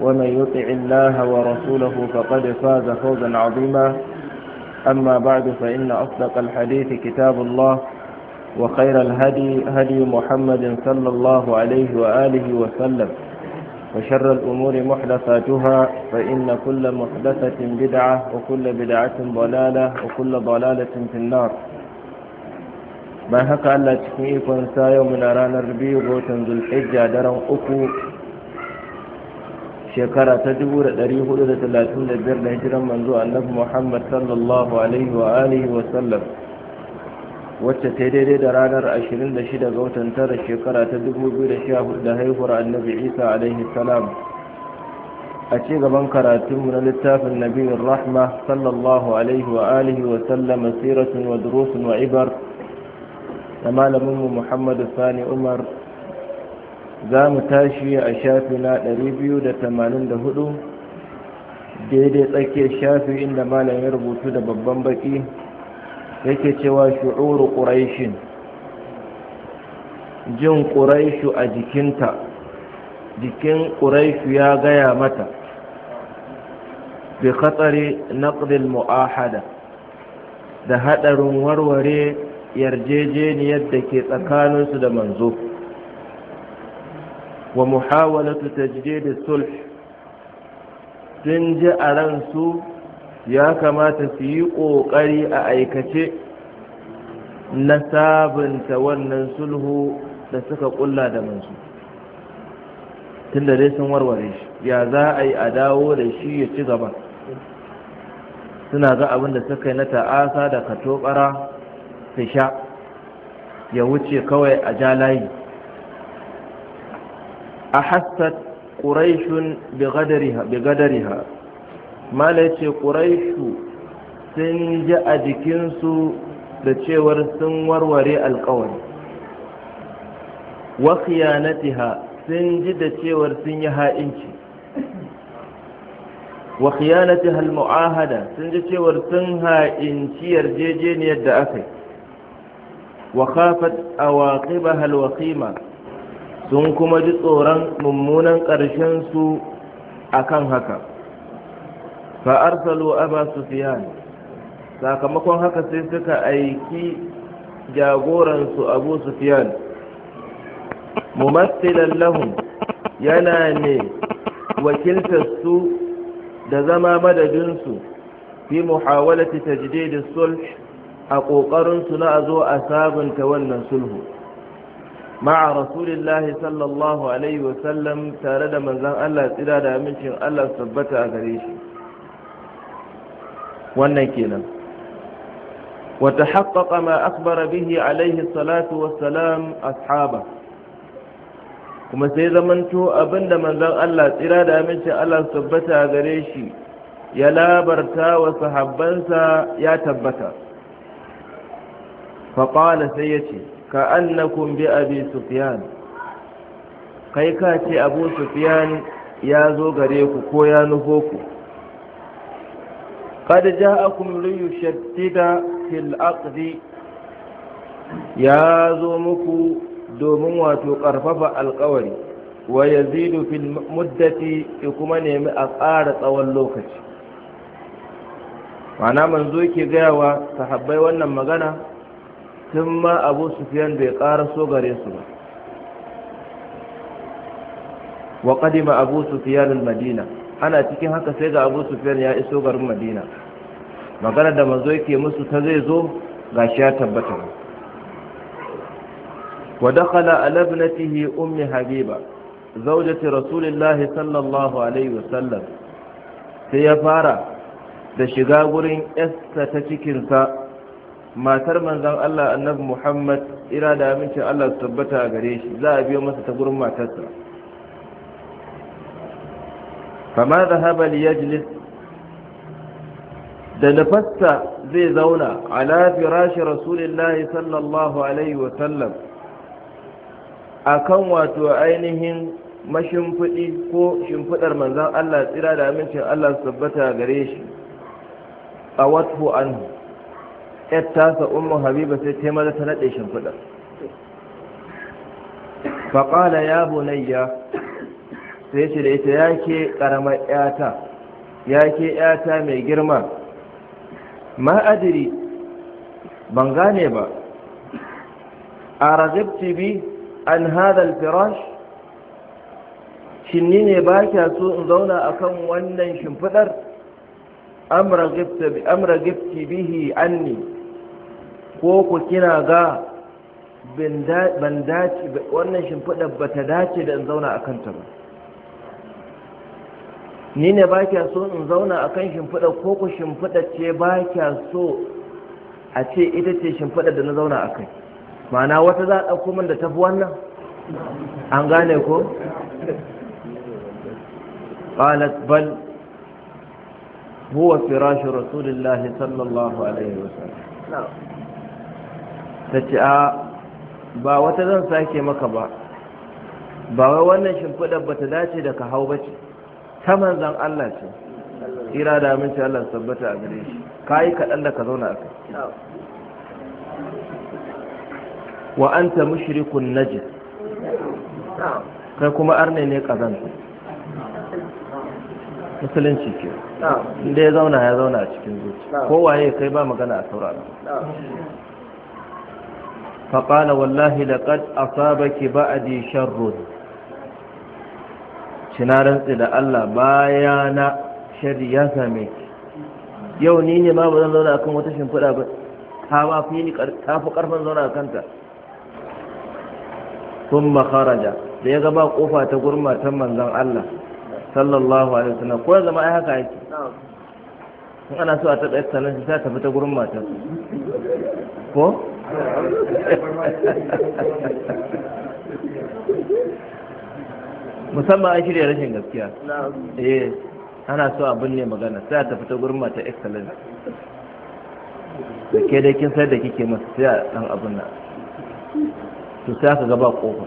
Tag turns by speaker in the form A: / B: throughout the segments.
A: ومن يطع الله ورسوله فقد فاز فوزا عظيما أما بعد فإن أصدق الحديث كتاب الله وخير الهدي هدي محمد صلى الله عليه وآله وسلم وشر الأمور محدثاتها فإن كل محدثة بدعة وكل بدعة ضلالة وكل ضلالة في النار ما هكا ألا تكنيكم سا يوم رانا ربيع ذو الحجة درن أكو shekara ta dubu da hudu da da da talatin biyar hijiran manzo annabi Muhammad sallallahu alaihi wa alihi wa sallam wacce ta daidai da ranar ashirin da shida ga watan tara shekara ta dubu biyu da haihuwar annabi Isa alaihi salam a ci gaban karatunmu na littafin nabiyin rahma sallallahu alaihi wa alihi wa sallam siratun wa durusun wa ibar da malaminmu Muhammadu Sani Umar za mu tashi a shafi na 284 daidai tsakiyar shafi inda malam ya rubutu da babban baki yake cewa shu'uru ƙuraishin jin ƙuraishu a jikinta jikin ƙuraishu ya gaya mata bi khatsari naqdil mu'ahada da haɗarin warware yarjejeniyar da ke tsakaninsu da manzo wa muhawalatu da sulh sun ji a ransu ya kamata su yi ƙoƙari a aikace na sabunta wannan sulhu da suka ƙulla da mansu tun da dai sun warware shi ya za a yi a dawo da shi ya ci gaba suna ga abin da suka na ta'asa da katobara fisha. ya wuce kawai a ja layi ahassat quraishun bi gadariha mala yace quraishu sun ji a jikinsu da cewar sun warware alkawari wa khiyanatiha sun ji da cewar sun yi ha'inci wa khiyanatiha almu'ahada sun ji cewar sun ha'inci yarjejeniyar da aka yi wa khafat awaqibaha alwaqima sun kuma ji tsoron mummunan ƙarshensu a kan haka fa'arsalu aba sufiyan sakamakon haka sai suka aiki jagoransu abu Mu mumassilan lahum yana ne wakiltarsu da zama madadinsu fi muhawalati da sulh a ƙoƙarinsu na a zo a sabunta wannan sulhu ma'a rasulillahi sallallahu alaihi wasallam tare da manzan Allah tsira da amincin Allah tabbata a shi wannan kenan wata haƙaƙa ma akbara bihi alaihi salatu wassalam ashaba kuma sai zamanto abinda manzan Allah tsira da amincin Allah tabbata a shi ya labarta wa sahabbansa ya tabbata faƙala sai ya ka annakum bi abi sufiyan kai ka ce abu sufiyan ya zo gare ku ko ya nufo ku qad akun riyu shaddida fil aqdi ya zo muku domin wato karfafa alkawari wa yazidu fil muddati kuma nemi a ƙara tsawon lokaci mana manzo ke gayawa sahabbai wannan magana tun ma abu sufiyan bai so gare su ba wa kadima abu sufiyan madina ana cikin haka sai ga abu sufiyan ya iso garin madina magana da mazo yake musu ta zai zo ga shi ya tabbata wa dakhala ala ibnatihi ummi habiba zawjati rasulillahi sallallahu alaihi wasallam sai ya fara da shiga gurin yasta ta cikinsa matar manzan Allah annabi Muhammad ira da amincin Allah su tabbata a gare shi za a biyo masa ta gurin matarsa kama zahaba li yajlis da nafasta zai zauna ala firashi rasulullahi sallallahu alaihi wa sallam akan wato ainihin mashimfiɗi ko shimfiɗar manzan Allah tsira da amincin Allah su tabbata a gare shi a watfu anhu yar tasa ummu habiba sai ta maza ta daɗe shimfiɗa faƙala ya bunayya sai ce da ita ya ke ƙaramar ƴata ya ke ƴata mai girma Ma'adiri ban gane ba a ragibti bi an hadal firash shin ni ne ba kya so in zauna akan wannan shimfiɗar amra gifti bihi anni ko ku kina ga ban dace wannan shimfiɗa ba ta dace da in zauna a kanta ba ni ne ba kya so in zauna a kan shimfiɗa ko ku shimfiɗa ce ba kya so a ce ita ce shimfiɗa da na zauna a kai ma'ana wata za a ɗauko min da fi wannan
B: an gane ko
A: قالت بل هو فراش رسول الله صلى الله عليه وسلم ta ce a ba wata zan sake maka ba ba wai wannan shimfiɗar ba ta dace da ka hau ba ce ta manzan Allah ce Ira da aminci Allah sabbata a gare shi ka yi kaɗan da ka zauna a kai wa an ta mushrikun najis kai kuma arne ne ƙazanta
B: musulunci ke inda
A: ya zauna ya zauna a cikin zuci kowaye kai ba magana a saurara فقال والله لقد أصابك بعدي شر شنارن إلى الله بايانا شر يسمك yau ni ne ma ba zan zauna akan wata shimfiɗa ba ta ma fi ni ta fi ƙarfin zauna a kanta sun makaraja da ya gaba ƙofa ta gurmatan manzan Allah sallallahu alaihi wasallam ko zama ai haka yake in ana so a taɓa yadda sanar sai ta tafi ta gurmatan ko musamman an shirya rashin gaskiya eh ana so abin ne magana sai a tafi ta gurin mata excellence da ke dai sai da kike masu sai a ɗan abin nan to sai aka gaba ƙofa.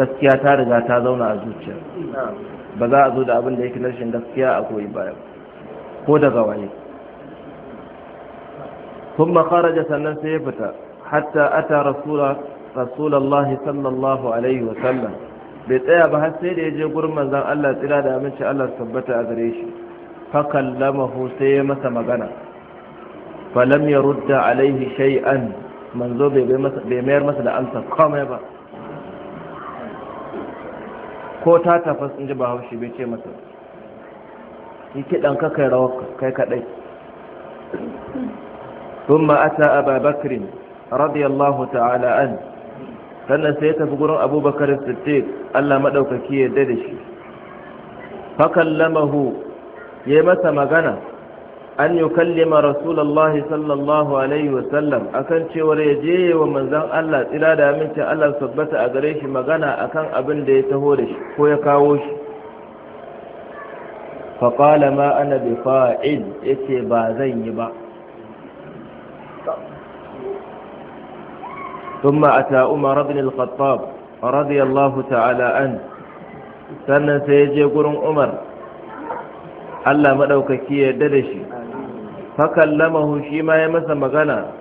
A: gaskiya ta riga ta zauna a zuciya ba za a zo da abin da yake rashin gaskiya a goyi baya ko daga waye ثم خرج سنن سيفتا حتى أتى رسول رسول الله صلى الله عليه وسلم بيتايا بها سيد يجي قرما زان الله تلا دا من شاء الله ثبت أدريش فكلمه سيما سمغنا فلم يرد عليه شيئا منذ بمير مثل أنت قام يبا ko ta tafas in ji ba haushi bai ce masa yi kiɗan kakai rawar kai kaɗai ثم أتى أبا بكر رضي الله تعالى عنه sannan sai ya tafi gurin abubakar siddiq allah maɗaukaki ya da shi fakallamahu ya yi masa magana an yi kallima rasulallah sallallahu alaihi wasallam akan cewar ya je wa manzan allah tsira da aminci allah sabbata a gare shi magana akan abin da ya taho da shi ko ya kawo shi faƙala ma ana bi fa'il yake ba zan yi ba ثم أتى عمر بن الخطاب رضي الله تعالى عنه sannan sai ya je gurin umar allah maɗaukaki ya yarda da shi fakallamahu shi ma ya masa magana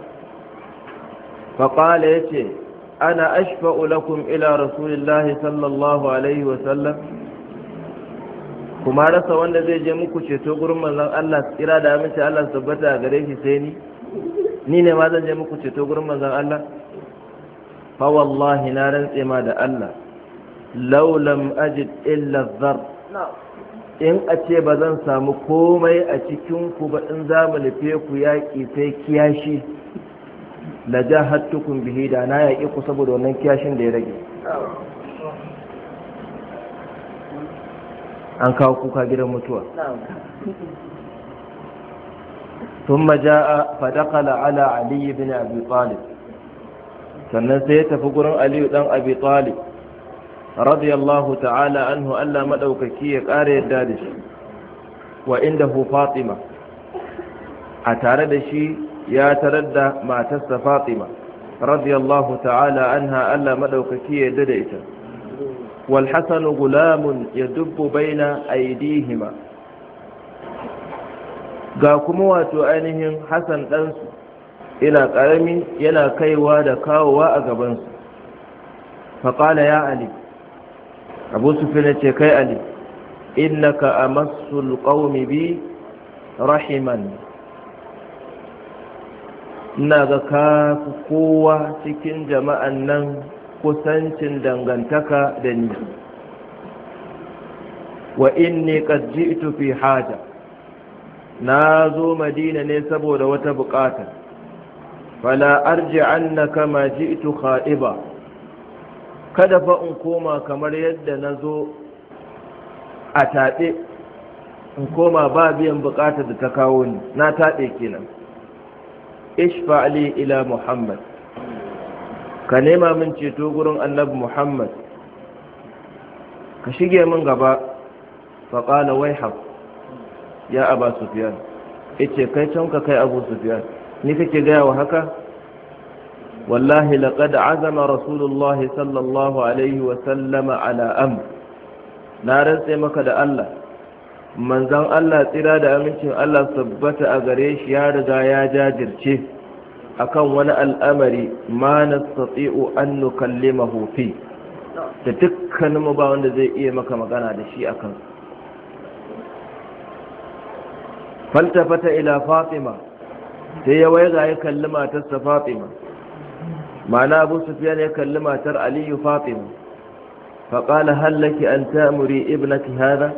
A: faƙala ya ce ana ashfa'u lakum ila rasulillahi sallallahu alaihi kuma rasa wanda zai je muku ceto gurin manzon allah ira da aminci allah tabbata a gare shi sai ni ni ne ma zan je muku ceto gurin manzon allah fa wallahi na rantse ma da Allah law lam ajid illa dhar in a ce ba zan samu komai a cikin ku ba in za mu nufe ku yaƙi sai kiyashi la jahattukum bihi da na yaƙi ku saboda wannan kiyashin da ya rage an kawo kuka gidan mutuwa ثم جاء فدخل على علي بن أبي طالب sannan sai ya tafi gurin aliyu dan abi talib radiyallahu ta'ala anhu Allah madaukaki ya ƙara yadda da shi wa hu fatima a tare da shi ya tarar da matarsa fatima radiyallahu ta'ala anha Allah madaukaki ya yadda da ita wal hasan gulamun yadubbu baina aydihima ga kuma wato ainihin hasan dansu. ina ƙarami yana kaiwa da kawowa a gabansu faƙala ya ali abu sufi na ce kai ali innaka a masul ƙaumi bi rahiman ina ga ka kowa cikin jama'an nan kusancin dangantaka da ni wa inni qad ji'tu fi haja na zo madina ne saboda wata bukata فلا أرجعن كما جئت خائبا kada fa in koma kamar yadda na zo a taɓe in koma ba biyan buƙatar da ta kawo ni na taɓe kenan ishfa ali ila muhammad ka nema min ceto gurin annabi muhammad ka shige min gaba faƙala wai ya aba sufiyan ice kai can ka kai abu sufiyan ni kake gaya wa haka wallahi laqad azama rasulullahi sallallahu alaihi wa sallama ala na rantse maka da Allah manzon Allah tsira da amincin Allah sabbata a gare shi ya riga ya jajirce akan wani al'amari ma nastati'u an nukallimahu fi da dukkanin mu ba wanda zai iya maka magana da shi akan fata ila fatima sai ya waiga ya kalli matarsa fatima ma'ana abu sufiyan ya kalli matar aliyu fatima faƙala hallaki an tamuri ibnaki hada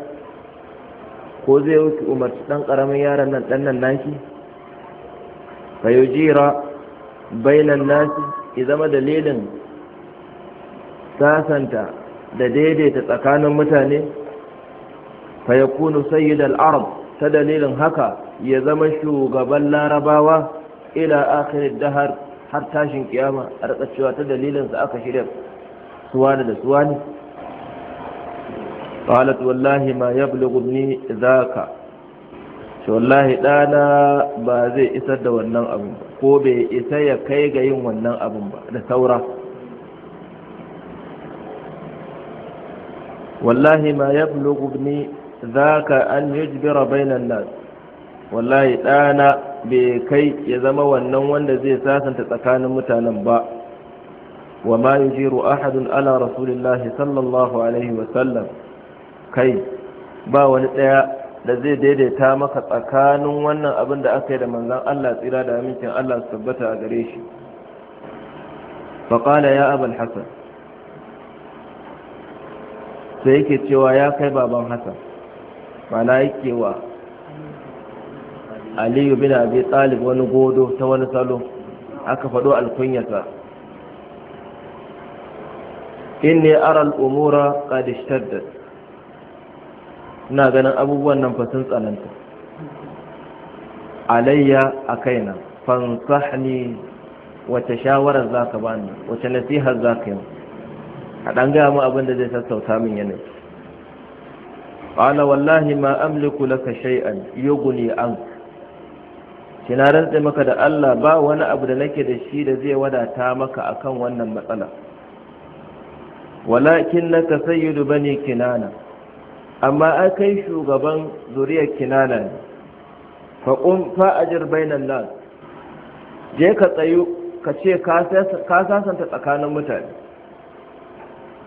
A: ko zai wuce umarci ɗan ƙaramin yaran nan ɗan nan naki jira bainan nasi Ki zama dalilin sasanta da daidaita tsakanin mutane fayakunu sayyid arab ta dalilin haka ya zama shugaban larabawa ila akhirin dahar har tashin kiyama a rika cewa ta dalilinsa aka shirya suwane da suwane qalat wallahi ma yablughu ni zaka shi wallahi dana ba zai isar da wannan abin ba ko bai isa ya kai ga yin wannan abin ba da saura wallahi ma yablughu ni zaka an yujbira bainan nas wallahi ɗana bai kai ya zama wannan wanda zai sasanta tsakanin mutanen ba wa ma yujiru ahadun ala rasulillahi sallallahu alaihi wasallam kai ba wani ɗaya da zai daidaita maka tsakanin wannan abin da aka yi da manzan Allah tsira da amincin Allah su tabbata a gare shi faƙala ya abin hassan sai yake cewa ya kai baban hassan mana yake wa aliyu bin abi talib wani godo ta wani salo aka faɗo alkunyata inni aral umura qad ishtaddat ina ganin abubuwan nan fa sun tsananta alayya a kaina fansahni wace shawarar za ka bani wace nasihar za ka yi a dan gaya mu abin da zai sassauta min yanayi ƙala wallahi ma amliku laka shay'an yuguni anka shi na rantse maka da Allah ba wani abu da nake da shi da zai wadata maka akan wannan matsala walakin naka sayyidu bani kinana amma ai kai shugaban zuriyar kinana ne fa qum fa ajir bainan nas je ka tsayu ka ce ka sasanta tsakanin mutane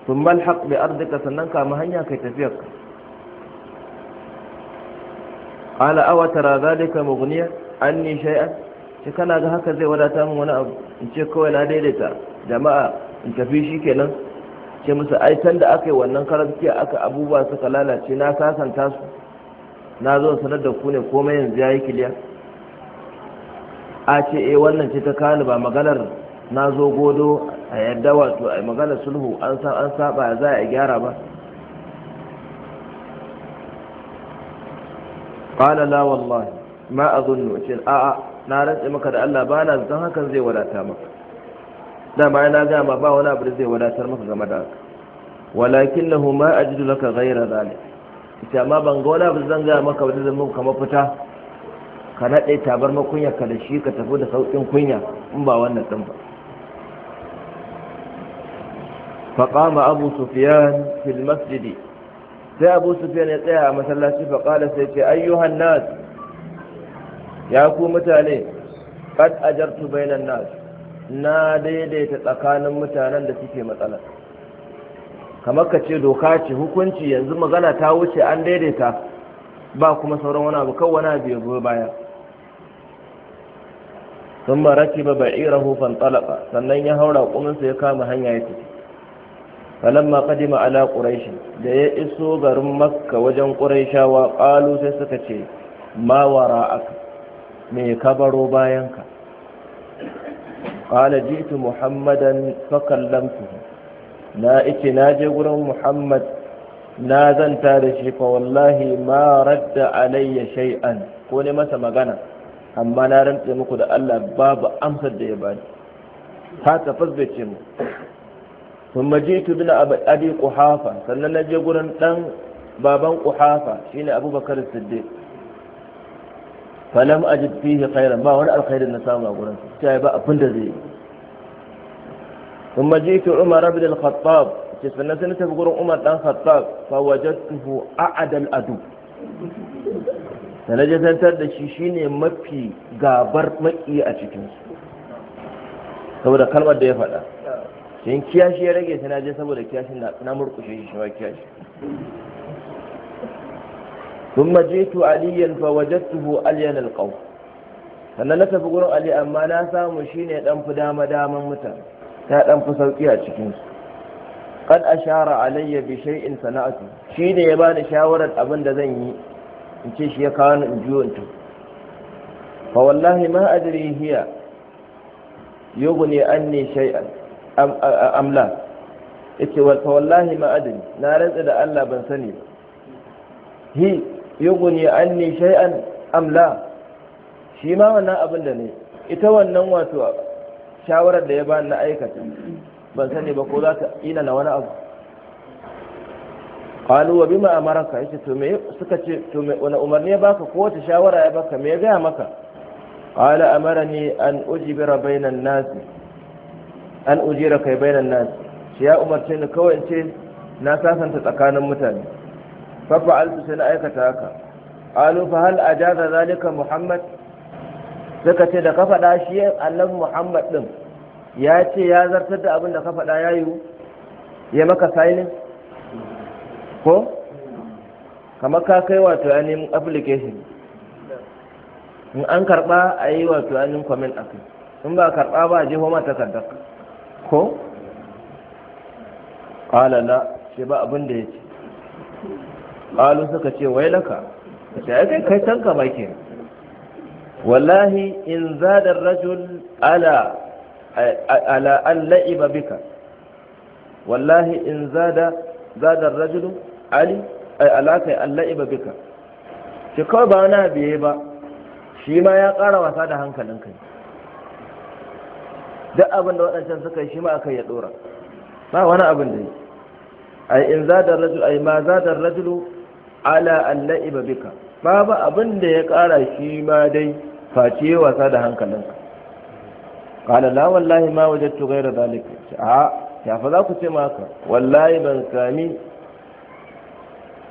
A: thumma alhaq bi ardika sannan ka hanya kai tafiyarka qala aw tara zalika mughniyah ni shay'an ce kana ga haka zai wadata mun wani abu in ce kawai na daidaita jama'a in tafi shi kenan ce musu ai tan da aka yi wannan karantiya aka abubuwa suka lalace na sasanta su na zo sanar da ku ne komai yanzu yayi kiliya a ce eh wannan ce ta kani ba maganar na zo godo a yadda wato a maganar sulhu an saba za a gyara ba قال لا والله ma a zunnu ce a'a na rantse maka da Allah ba na zan hakan zai wadata maka ma na ga ma ba wani abu zai wadatar maka game da haka walakin lahu ma ajidu laka ghayra zalik ita ma ban ga wani abu zan ga maka wani zan muka mafita ka nade tabar makunya ka da shi ka tafi da saukin kunya in ba wannan din ba فقام أبو سفيان في المسجد سي أبو سفيان يطيع مثلا شفا sai ce ayyuhan nasu. ya ku mutane kad ajartu bainan nas na daidaita tsakanin mutanen da suke matsala kamar ka ce doka ce hukunci yanzu magana ta wuce an daidaita ba kuma sauran wani abu kawai wani abu ya zo baya sun maraki ba ba'irahu fantalaka sannan ya haura kuminsa ya kama hanya ya tafi falamma kadima ala quraish da ya iso garin makka wajen quraishawa qalu sai suka ce ma wara'aka me ka baro bayanka qala ji'tu muhammadan fa na ice na je gurin muhammad na zanta da shi fa wallahi ma radda alayya shay'an ko ne masa magana amma na rantse muku da Allah babu amsar da ya bani ta tafas ce mu sun majitu bin abi kuhafa sannan na je gurin dan baban kuhafa shine abubakar siddiq falam ajid fihi khairan ba wani alkhairin na samu a gurin sai ba abin da zai kuma ki umar ibn al-khattab ce sannan sai tafi gurin umar dan khattab fa wajadtuhu a'adal adu sannan jantar da shi shine mafi gabar maki a cikin su saboda kalmar da ya faɗa shin kiyashi ya rage sanaje na je saboda kiyashin na murkushe shi shi kiyashi ثم جئت عليا فوجدته ألين القوم sannan na tafi gurin Ali amma na samu shine dan fi dama daman mutane ta dan fi a cikin su qad ashara alayya bi shay'in sana'atu shine ya bani shawarar abin da zan yi in ce shi ya kawo in juyo in fa wallahi ma hiya yughni anni shay'an am la yace wallahi na da Allah ban sani ba yughni anni shay'an am la shi ma wannan abin da ne ita wannan wato shawarar da ya ba na aikata ban sani ba ko za ta ina na wani abu qalu wa bima amaraka yace to me suka ce to me wani umarni ya baka ko wata shawara ya baka me ya ga maka qala amarani an ujibira bainan nas an ujira kai bainan nas shi ya umarce ni kawai in ce na sasanta tsakanin mutane fafa altu sai na aikata haka alu fa hal ajaza zalika muhammad suka ce da ka faɗa shi annabi muhammad din ya ce ya zartar da abin da ka faɗa ya yiwu ya maka filin? ko kamar ka kai wato ya nemi application in an karɓa a yi wato ainihin comment akai in ba karɓa ba a jefo ta takardar ko ƙalala shi ba abin da ya ce qalu suka ce wai laka sai kai kai tanka ma ke wallahi in zada ar-rajul ala ala an la'iba bika wallahi in zada zada ar-rajulu ali ay alaka an la'iba bika shi kawai ba wani abu ba shi ma ya kara wasa da hankalin kai duk abin da waɗancan suka yi shi ma aka ya ɗora ba wani abin da yi ai in zadar rajul ai ma zadar rajul. ala alla'iba bika babu abin da ya kara shi ma dai face wasa da hankalinka qala la wallahi ma wajadtu ghayra dhalika a ya fa za ku ce maka wallahi ban sami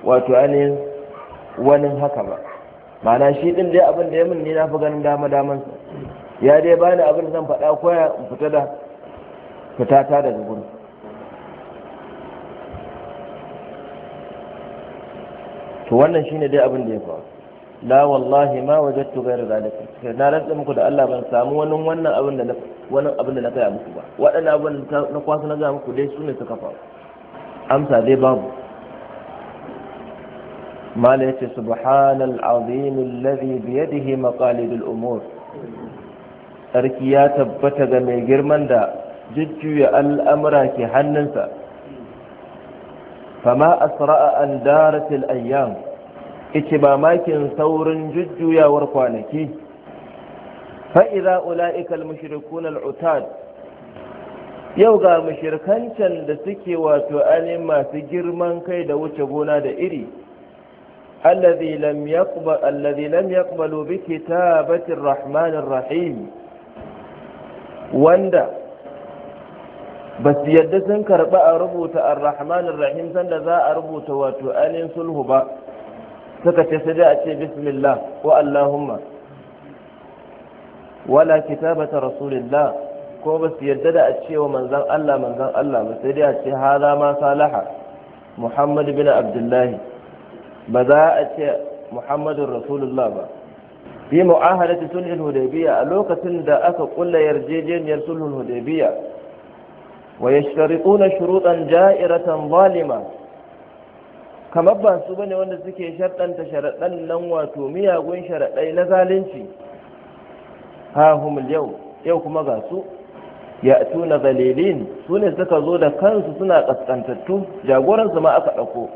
A: wato ani wani haka ba mana shi din dai abin da ya min ni na fi ganin dama daman ya dai bani abin zan faɗa koya in fita da fitata daga gurin to wannan shine dai abin da ya faru la wallahi ma wajadtu ghayra zalika na rantsa muku da Allah ban samu wani wannan abin da wani abin da na kai muku ba waɗannan abin da na kwasa na ga muku dai su ne suka faru amsa dai babu mala yace subhanal azim alladhi bi yadihi maqalidul umur sarki ya tabbata ga mai girman da jujjuya al'amura ke hannunsa fama asra'a an daratil ayyam ice mamakin saurin jujjuyawar kwanaki fa'iza ula'ikal mashirikun al'utad yau ga mashirkancan da suke wato anin masu girman kai da wuce gona da iri allazi lam yaqbalu bi kitabatir rahmanir rahim wanda ba su yadda sun karɓi a rubuta ar-rahman rahim sanda za a rubuta wato ainihin sulhu ba suka ce sai a ce bismillah wa allahumma wala kitabata rasulillah ko ba su yadda da a cewa manzan Allah manzan Allah ba sai dai a ce hada ma salaha Muhammad bin Abdullahi ba za a ce Muhammadun Rasulullah ba fi mu'ahadati sulhul hudaybiya a lokacin da aka kulla yarjejeniyar sulhul hudaybiya ويشترطون شروطا جائرة ظالمة kamar ba su bane wanda suke sharɗanta sharaɗan nan wato miyagun sharaɗai na zalunci ha humul yau yau kuma ga su ya tuna zalilin su ne suka zo da kansu suna ƙasƙantattu jagoransu ma aka ɗauko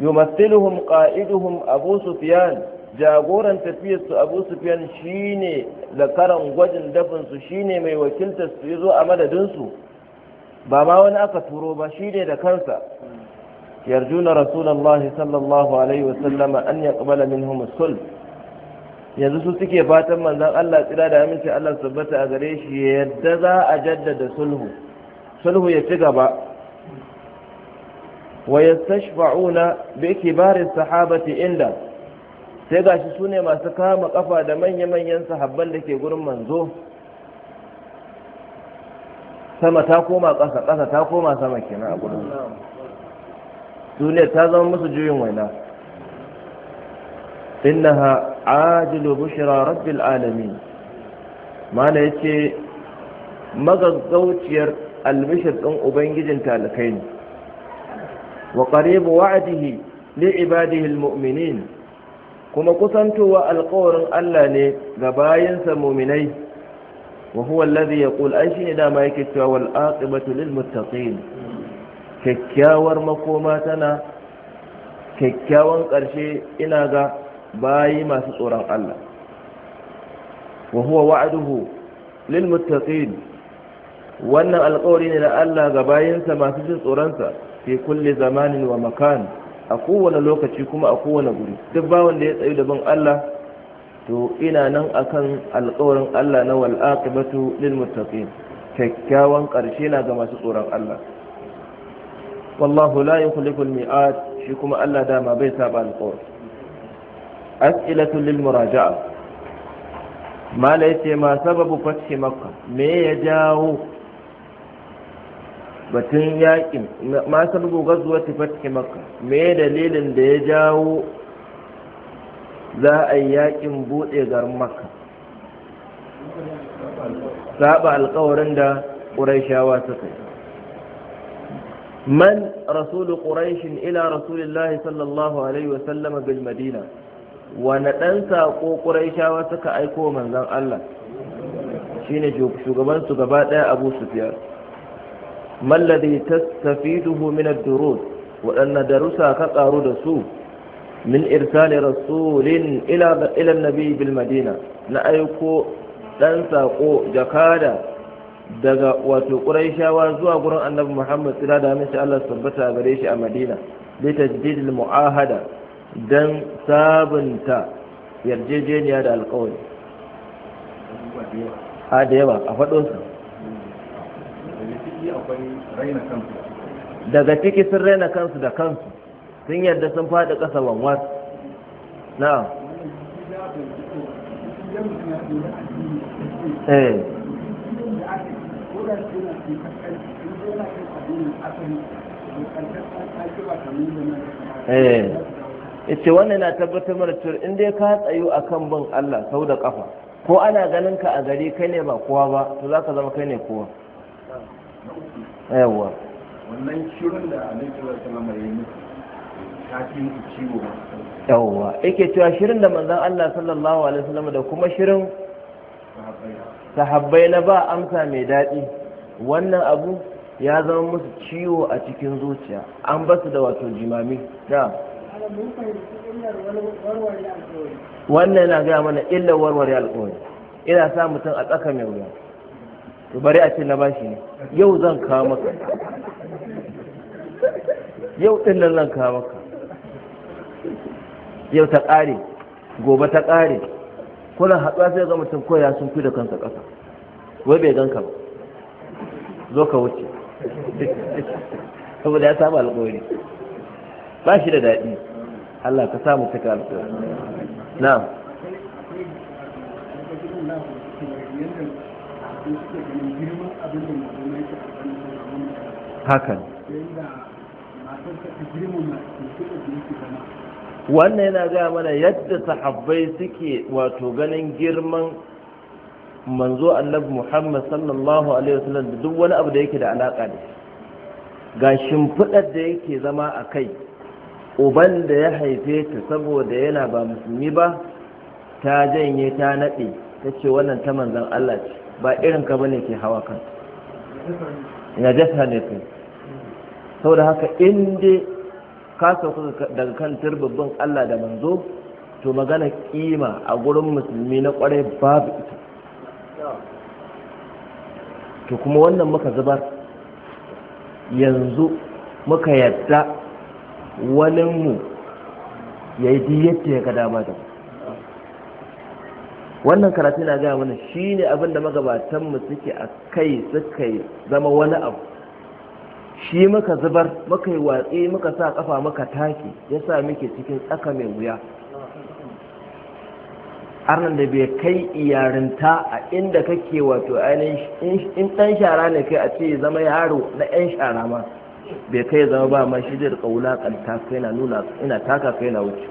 A: yumathiluhum qa'iduhum abu sufyan jagoran tafiyarsu abu sufyan shine zakaran gwajin dafinsu shine mai wakiltar su yazo a madadinsu ba ba wani aka turo ba shi ne da kansa na rasulullahi sallallahu alaihi wasallam an min minhum sulh yanzu su suke fatan manzon Allah tsira da aminci Allah tabbata a gare shi yadda za a jaddada sulhu sulhu ya ci gaba wa yastashfa'una bi kibari sahabati inda sai gashi sune masu kama kafa da manya-manyan sahabban da ke gurin manzo sama ta koma ƙasa ƙasa ta koma sama kenan a gudun duniyar ta zama musu juyin waina innaha ajilu bushra rabbil alamin mana yace magaggauciyar albishir ɗin ubangijin talakai ne wa qaribu wa'dihi li ibadihi almu'minin kuma kusantowa alƙawarin Allah ne ga bayansa muminai wa huwa alladhi yaqul ai shine dama yake cewa wal aqibatu lil kyakkyawar makoma tana kyakkyawan ƙarshe ina ga bayi masu tsoron Allah wa huwa wa'aduhu lil muttaqin wannan alƙawari ne da Allah ga bayansa masu jin tsoronsa ke kulle zamanin wa makan a kowane lokaci kuma a kowane guri duk bawon da ya tsayu da bin Allah to ina nan akan alƙawarin Allah na wal aqibatu lil muttaqin kyakkyawan ƙarshe na ga masu tsoron Allah wallahu la yukhliqu al mi'ad shi kuma Allah dama bai saba alƙawari as'ilatu lil muraja'a mala yace ma sababu fathi makka me ya jawo batun yaƙin ma sababu gazuwar fathi makka me dalilin da ya jawo za a yi yakin buɗe garin makka saba alkawarin da ƙuraishawa ta kai. man rasulu ƙuraishin ila Rasulillah sallallahu alaihi wasallama bil madina wane ɗan saƙo ƙuraishawa suka aiko manzan Allah shine shugaban su gaba ɗaya abu su sufiyar Malladi ta tafi min minar durus waɗanne darussa ka ƙaru da su min irsali rasulin ila ila nabi bil madina na aiko dan sako jakada daga wato quraishawa zuwa gurin annabi muhammad tsira da mace Allah tabbata gare shi a madina bi muahada dan sabunta yarjejeniya da alƙawari a daga ciki sun raina kansu da kansu sun yadda sun faɗi ƙasa wanwas na eh ita eh. wannan na tabbatar mara cewa in dai ka tsayu a kan bin Allah sau da kafa ko ana ganin ka a gari kai ne ba kowa ba to za ka zama kai ne kowa yawa wannan shirin da Annabi sallallahu alaihi wasallam ya yi yawwa yake cewa shirin da manzan Allah sallallahu alaihi wasallam da kuma shirin sahabbai na ba amsa mai daɗi wannan abu ya zama musu ciwo a cikin zuciya an ba su da wato jimami da wannan na gaya mana illar warware alƙawari ina sa mutum a tsaka mai wuya to bari a ce na bashi ne yau zan kawo maka yau ɗin nan zan kawo maka yau ta ƙare gobe ta ƙare kuna haɗuwa sai ga mutum ko ya sun fi da kansa ƙasa wai bai ganka ba zo ka wuce saboda ya samu alƙawari ba shi da daɗi Allah ka samu cika alƙawari Na. hakan wannan yana gaya mana yadda sahabbai suke wato ganin girman manzo annabi muhammad sallallahu alaihi wasallam da duk wani abu da yake da alaka da ga shimfiɗar da yake zama a kai uban da ya haife ta saboda yana ba musulmi ba ta janye ta naɗe ta ce wannan ta manzan allah ce ba irin ka bane ke hawa kan najasa ne saboda haka inde ka sauka daga kan turbabbin Allah da manzo to magana kima a gurin musulmi na kwarai babu ita to kuma wannan muka zubar yanzu muka yadda waninmu ya yi yadda ya ga dama da wannan karatu na gaya mana shi ne abin da magabatanmu suke a kai suka zama wani abu shi muka zubar muka yi watsi muka sa kafa muka taki ya sa muke cikin tsaka mai wuya arnan da bai kai iyarinta a inda kake wato ainihin in ɗan shara ne kai a ce zama yaro na 'yan shara ma bai kai zama ba ma shi da rika wulaƙanta kai na nuna ina taka kai na wuce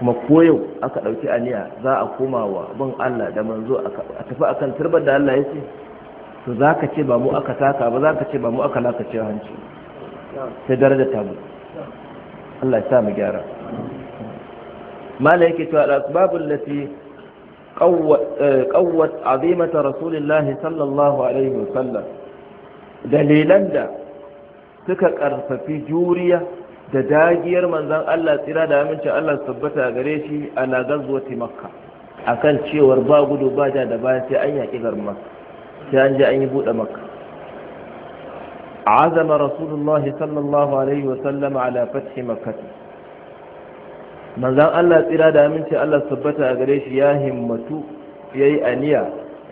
A: kuma koyau aka ɗauki aniya za a koma wa bin allah da manzo a tafi akan turbar da allah ya ce to za ka ce ba mu aka taka ba za ka ce ba mu aka lakace hanci sai daraja ta mu Allah ya sa mu gyara mala yake cewa al-asbabul lati qawwat eh, azimata rasulillah sallallahu alaihi wasallam dalilan da suka karfafi juriya da dagiyar manzon Allah tsira da amincin Allah tabbata gare shi ala gazwati makka akan cewar ba gudu ba da baya sai an yaki garmar sai an je an yi buɗe maka عزم رسول الله صلى الله عليه وسلم على فتح مكة manzan Allah tsira da aminci Allah tabbata a gare shi ya himmatu ya a aniya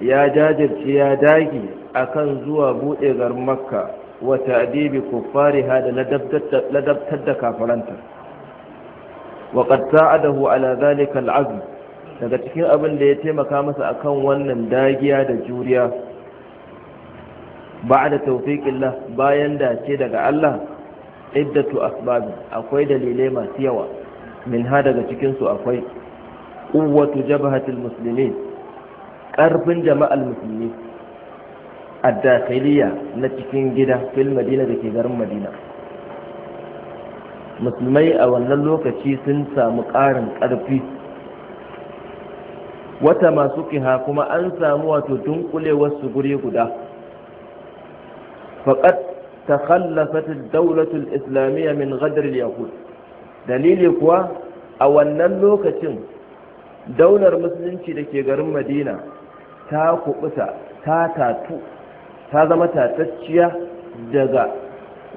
A: ya jajirce ya dage akan zuwa buɗe gar makka wata adibi kuffari ha da ladabtar da kafaranta wa qatta adahu ala zalika al'azm daga cikin abin da ya taimaka masa akan wannan dagiya da juriya da tawfiqillah bayan dace daga Allah iddatu asbab akwai dalilai masu yawa min ha daga cikinsu akwai quwwatu jabhatil muslimin karfin jama'al musulmi addakhiliya na cikin gida fil madina da ke garin madina musulmai a wannan lokaci sun samu ƙarin ƙarfi wata masu kiha kuma an samu wato dunkulewar su guri guda faqad ta ad-dawlatu islamiyya min gadar yahud dalili kuwa a wannan lokacin daular musulunci da ke garin madina ta kuɓuta, ta tatu ta zama tatacciya daga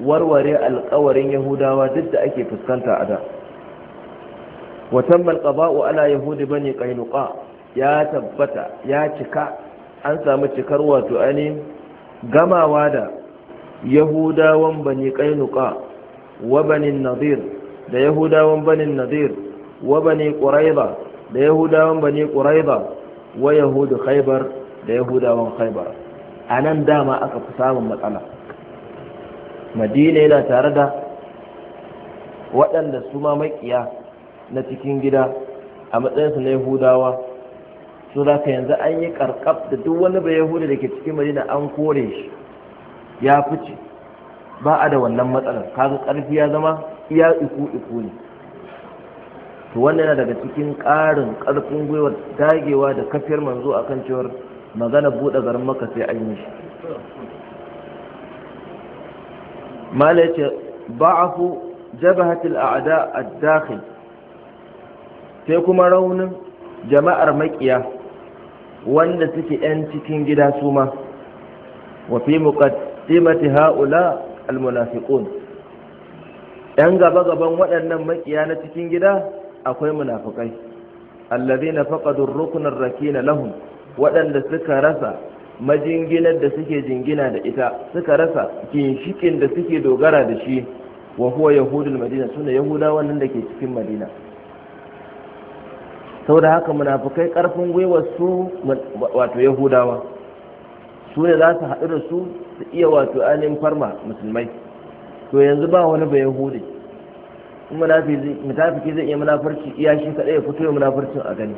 A: warware alkawarin yahudawa duk da ake fuskanta a da watan balkaba'u ala yahudi bane kainuka ya tabbata ya cika an samu cikar wato ainihin gamawa da yahudawan bani qainuqa wa bani nadir da yahudawan bani nadir wa bani quraiza da yahudawan bani quraiza wa yahudu khaybar da yahudawan khaybar anan dama aka fi samun matsala madina yana tare da waɗanda su ma makiya na cikin gida a matsayinsu na yahudawa su za yanzu an yi karkab da duk wani bai yahuda da ke cikin madina an kore shi ya fice ba a da wannan matsalar kaga ƙarfi ya zama ya iku iku ne to wannan yana daga cikin ƙarin ƙarfin gwiwar dagewa da kafiyar manzo kan cewar magana buɗe garin maka sai an yi shi mala ce, ba'afu jabahatil a'da ad-dakhil sai kuma raunin jama'ar maƙiya wanda suke 'yan cikin gida su ma wafi simati haula almunafiqun yan gaba gaban waɗannan makiya na cikin gida akwai munafikai alladhina faqadu ar-rukna ar-rakina lahum waɗanda suka rasa majinginar da suke jingina da ita suka rasa ginshikin da suke dogara da shi wa huwa yahudul madina sune nan da ke cikin madina saboda haka munafikai karfin gwiwar su wato yahudawa su ne za su haɗu da su su iya wato ainihin farma musulmai to yanzu ba wani ba yahudi munafiki zai iya munafarci iya shi kaɗai ya fito ya munafarcin a gani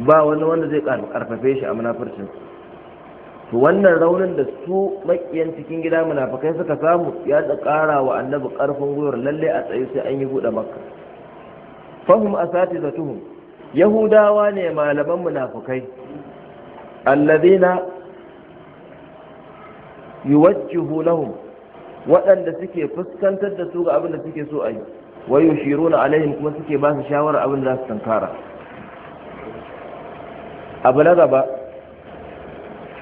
A: ba wani wanda zai karfafe shi a munafarcin to wannan raunin da su makiyan cikin gida munafakai suka samu ya ta ƙara wa annabi ƙarfin gwiwar lalle a tsaye sai an yi buɗe makka fahim asati zatuhum yahudawa ne malaman munafakai allazina yuwajjihu lahum waɗanda suke fuskantar da su ga abin da suke so a yi wa yushiruna alaihim kuma suke ba su abin da za su tankara abu na gaba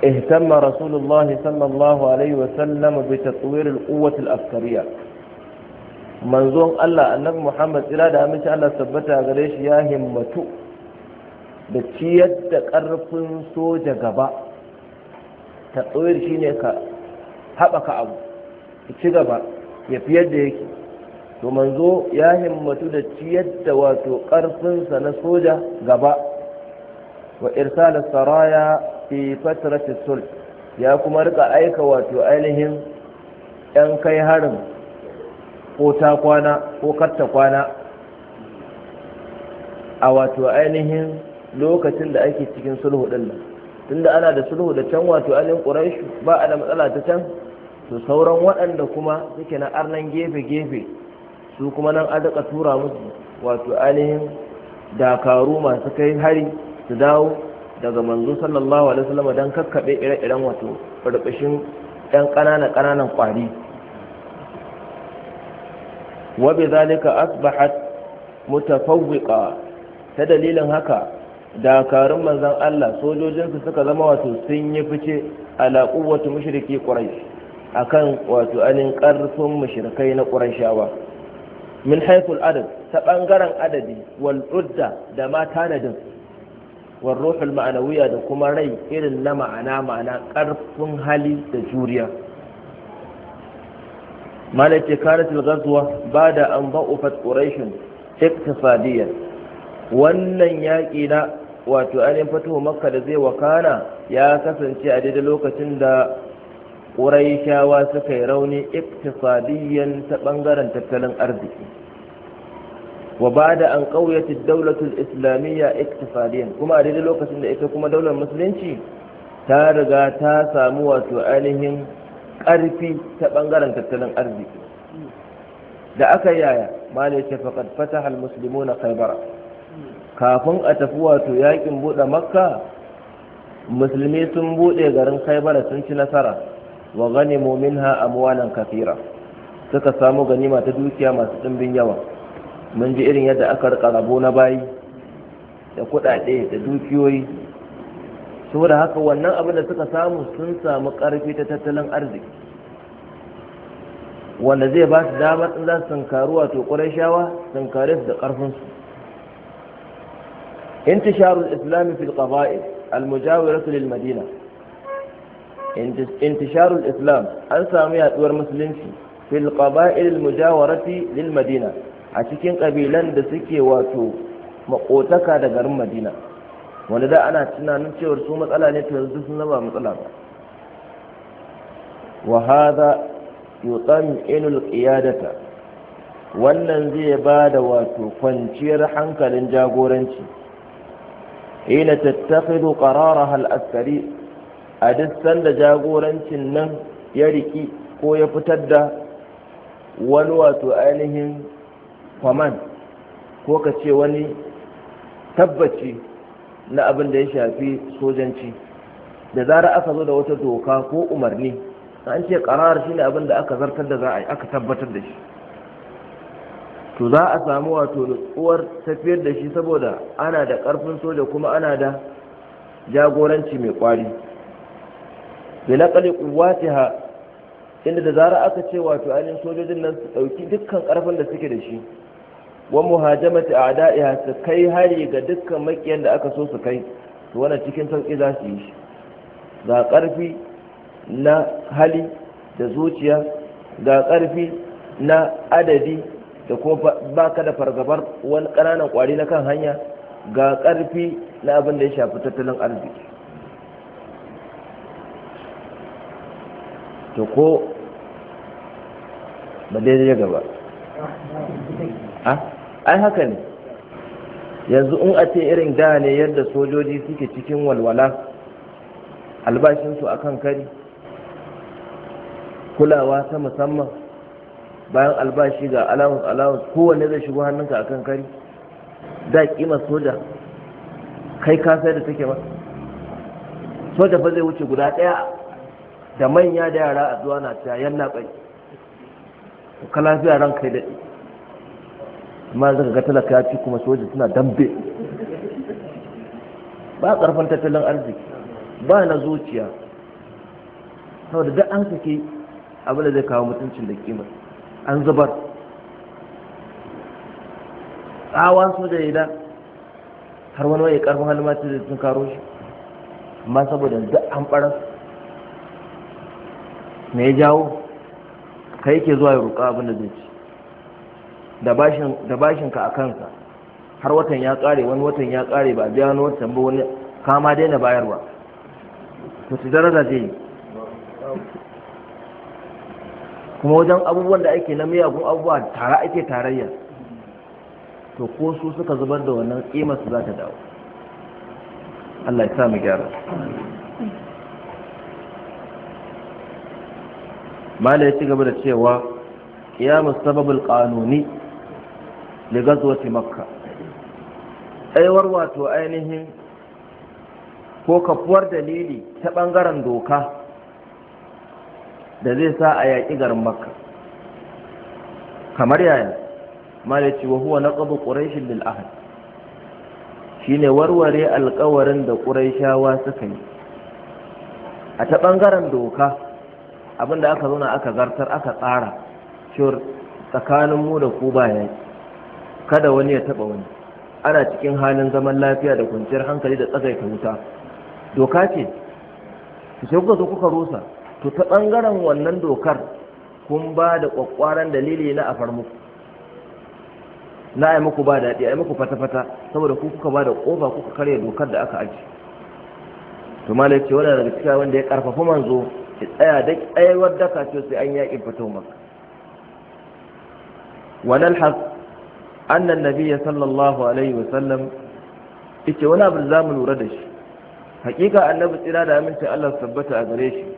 A: اهتم رسول الله صلى الله عليه وسلم بتطوير القوة الأفكارية منظوم الله النبي محمد إلا دعمش الله ثبتها غريش يا همتو da ciyar da ƙarfin soja gaba ta tsoyar shi ne ka haɓaka abu ci gaba ya fi yadda yake to manzo ya himmatu da ciyar da wato ƙarfinsa na soja gaba wa irsala saraya fi fatrati sul ya kuma rika aika wato ainihin yan kai harin ko ta kwana ko katta kwana a wato ainihin lokacin da ake cikin sulhu din nan tunda ana da sulhu da can wato alin quraish ba a da matsala ta can to sauran waɗanda kuma suke na arnan gefe gefe su kuma nan adaka daka tura musu wato alihin dakaru masu kai hari su dawo daga manzo sallallahu alaihi wasallam dan kakkabe ire-iren wato farbishin ɗan ƙanana ƙananan kwari wa bi zalika asbahat mutafawwiqa ta dalilin haka dakarun manzan Allah sojojinsu suka zama wato sun yi fice ala quwwati mushriki quraish akan wato anin karfin mushrikai na qurayshawa min haythul adad ta bangaren adadi wal udda da ma tanadin wal ruhul ma'anawiyya da kuma rai irin na ma'ana ma'ana karfin hali da juriya malaki karatul ghazwa bada an fat quraish iktifadiyan wannan yaƙi na wato ainihin fatuhu makka da zai wakana ya kasance a daidai lokacin da ƙuraishawa suka yi rauni iktisadiyyan ta ɓangaren tattalin arziki wa ba da an ƙauyaci daulatul islamiyya iktisadiyyan kuma a daidai lokacin da ita kuma daular musulunci ta riga ta samu wato ainihin ƙarfi ta ɓangaren tattalin arziki da aka yaya malai ce faƙad fata al-musulmi na kaibara kafin a tafi wato yakin bude makka musulmi sun bude garin khaibara sun ci nasara wa ganimu minha amwalan kafira suka samu ganima ta dukiya masu ɗimbin yawa mun ji irin yadda aka rika rabo na bayi da kuɗaɗe da dukiyoyi saboda haka wannan abin da suka samu sun samu ƙarfi ta tattalin arziki wanda zai ba su damar in za su sankaru wato ƙwarai shawa su da ƙarfinsu انتشار الإسلام في القبائل المجاورة للمدينة انتشار الإسلام أنسى مئة والمسلمين في القبائل المجاورة للمدينة أتكين قبيلا دسكي واتو مقوتكا دقر مدينة ولذا أنا تنان نتشور سو مسألة نتوزف نبا مسألة وهذا يطمئن القيادة wannan zai ba da wato kwanciyar hankalin jagoranci hina tattakhidhu qararaha al-askari a duk sanda jagorancin nan ya riki ko ya fitar da wani wato ainihin kwaman ko ka ce wani tabbaci na abin da ya shafi sojanci da zara aka zo da wata doka ko umarni an ce karar shine abin da aka zartar da za a yi aka tabbatar da shi to za a samu wato nutsuwar tafiyar da shi saboda ana da ƙarfin soja kuma ana da jagoranci mai ƙwari bi naƙali ƙuwatiha inda da zara aka ce wato ainihin sojojin nan su ɗauki dukkan ƙarfin da suke da shi wa muhajamati a'da'iha su kai hari ga dukkan makiyan da aka so su kai to wannan cikin sauƙi za su yi shi ga ƙarfi na hali da zuciya ga ƙarfi na adadi da ko ba ka da fargabar wani ƙananan ƙwari na kan hanya ga ƙarfi na abin da ya shafi tattalin arziki to ko ba daidai gaba ai haka ne yanzu in a ce irin da ne yadda sojoji suke cikin walwala albashinsu akan kari kulawa ta musamman bayan albashi ga alamus alamus, kowanne zai shigo hannunka a kan kari da kima soja kai ka sai da take ba soja fa zai wuce guda daya da manya da yara a zuwa na ta yanna labai ka lafiya ran kai daɗi amma zaka ga talaka ya ci kuma soja suna dambe ba karfin tattalin arziki ba na zuciya saboda duk an sake abin da zai kawo mutuncin da kimar an zubar tsawon su da ida har wani waye karfin halmatu da sun karo shi amma saboda duk an ɓarar me ya jawo ka yake zuwa ya roƙa abin da zai da bashin ka a kansa har watan ya ƙare wani watan ya ƙare ba biya wani watan ba wani kama daina bayarwa to su daraja zai yi kuma wajen abubuwan da ake na miyagun abubuwa tara ake tarayya to ko su suka zubar da wannan kimar su za ta dawo Allah ya sa mu gyara mala ya ci gaba da cewa kiyamus sababul qanuni li ghazwati makka tsayawar wato ainihin ko kafuwar dalili ta bangaren doka da zai sa a yaƙi garin makka kamar yaya ce wa huwa naqabu quraish lil ahd shine warware alƙawarin da quraishawa suka yi a ta bangaren doka abinda aka zauna aka zartar aka tsara cewar tsakanin mu da ku ba yaki kada wani ya taba wani ana cikin halin zaman lafiya da kwanciyar hankali da tsagaita wuta doka ce sai kuka zo kuka rusa to ta ɓangaren wannan dokar kun ba da ƙwaƙwaran dalili na afar muku na ai muku ba daɗi ai muku fata-fata saboda ku kuka ba da ƙofa kuka karya dokar da aka aji to malai ce wanda daga cikin wanda ya karfafa manzo ya tsaya da tsayawar daka ce sai an yaƙin fito maka wannan has annan nabiya sallallahu alaihi wasallam ita wani abu za mu lura da shi hakika annabi tsira da amincin allah sabbata a gare shi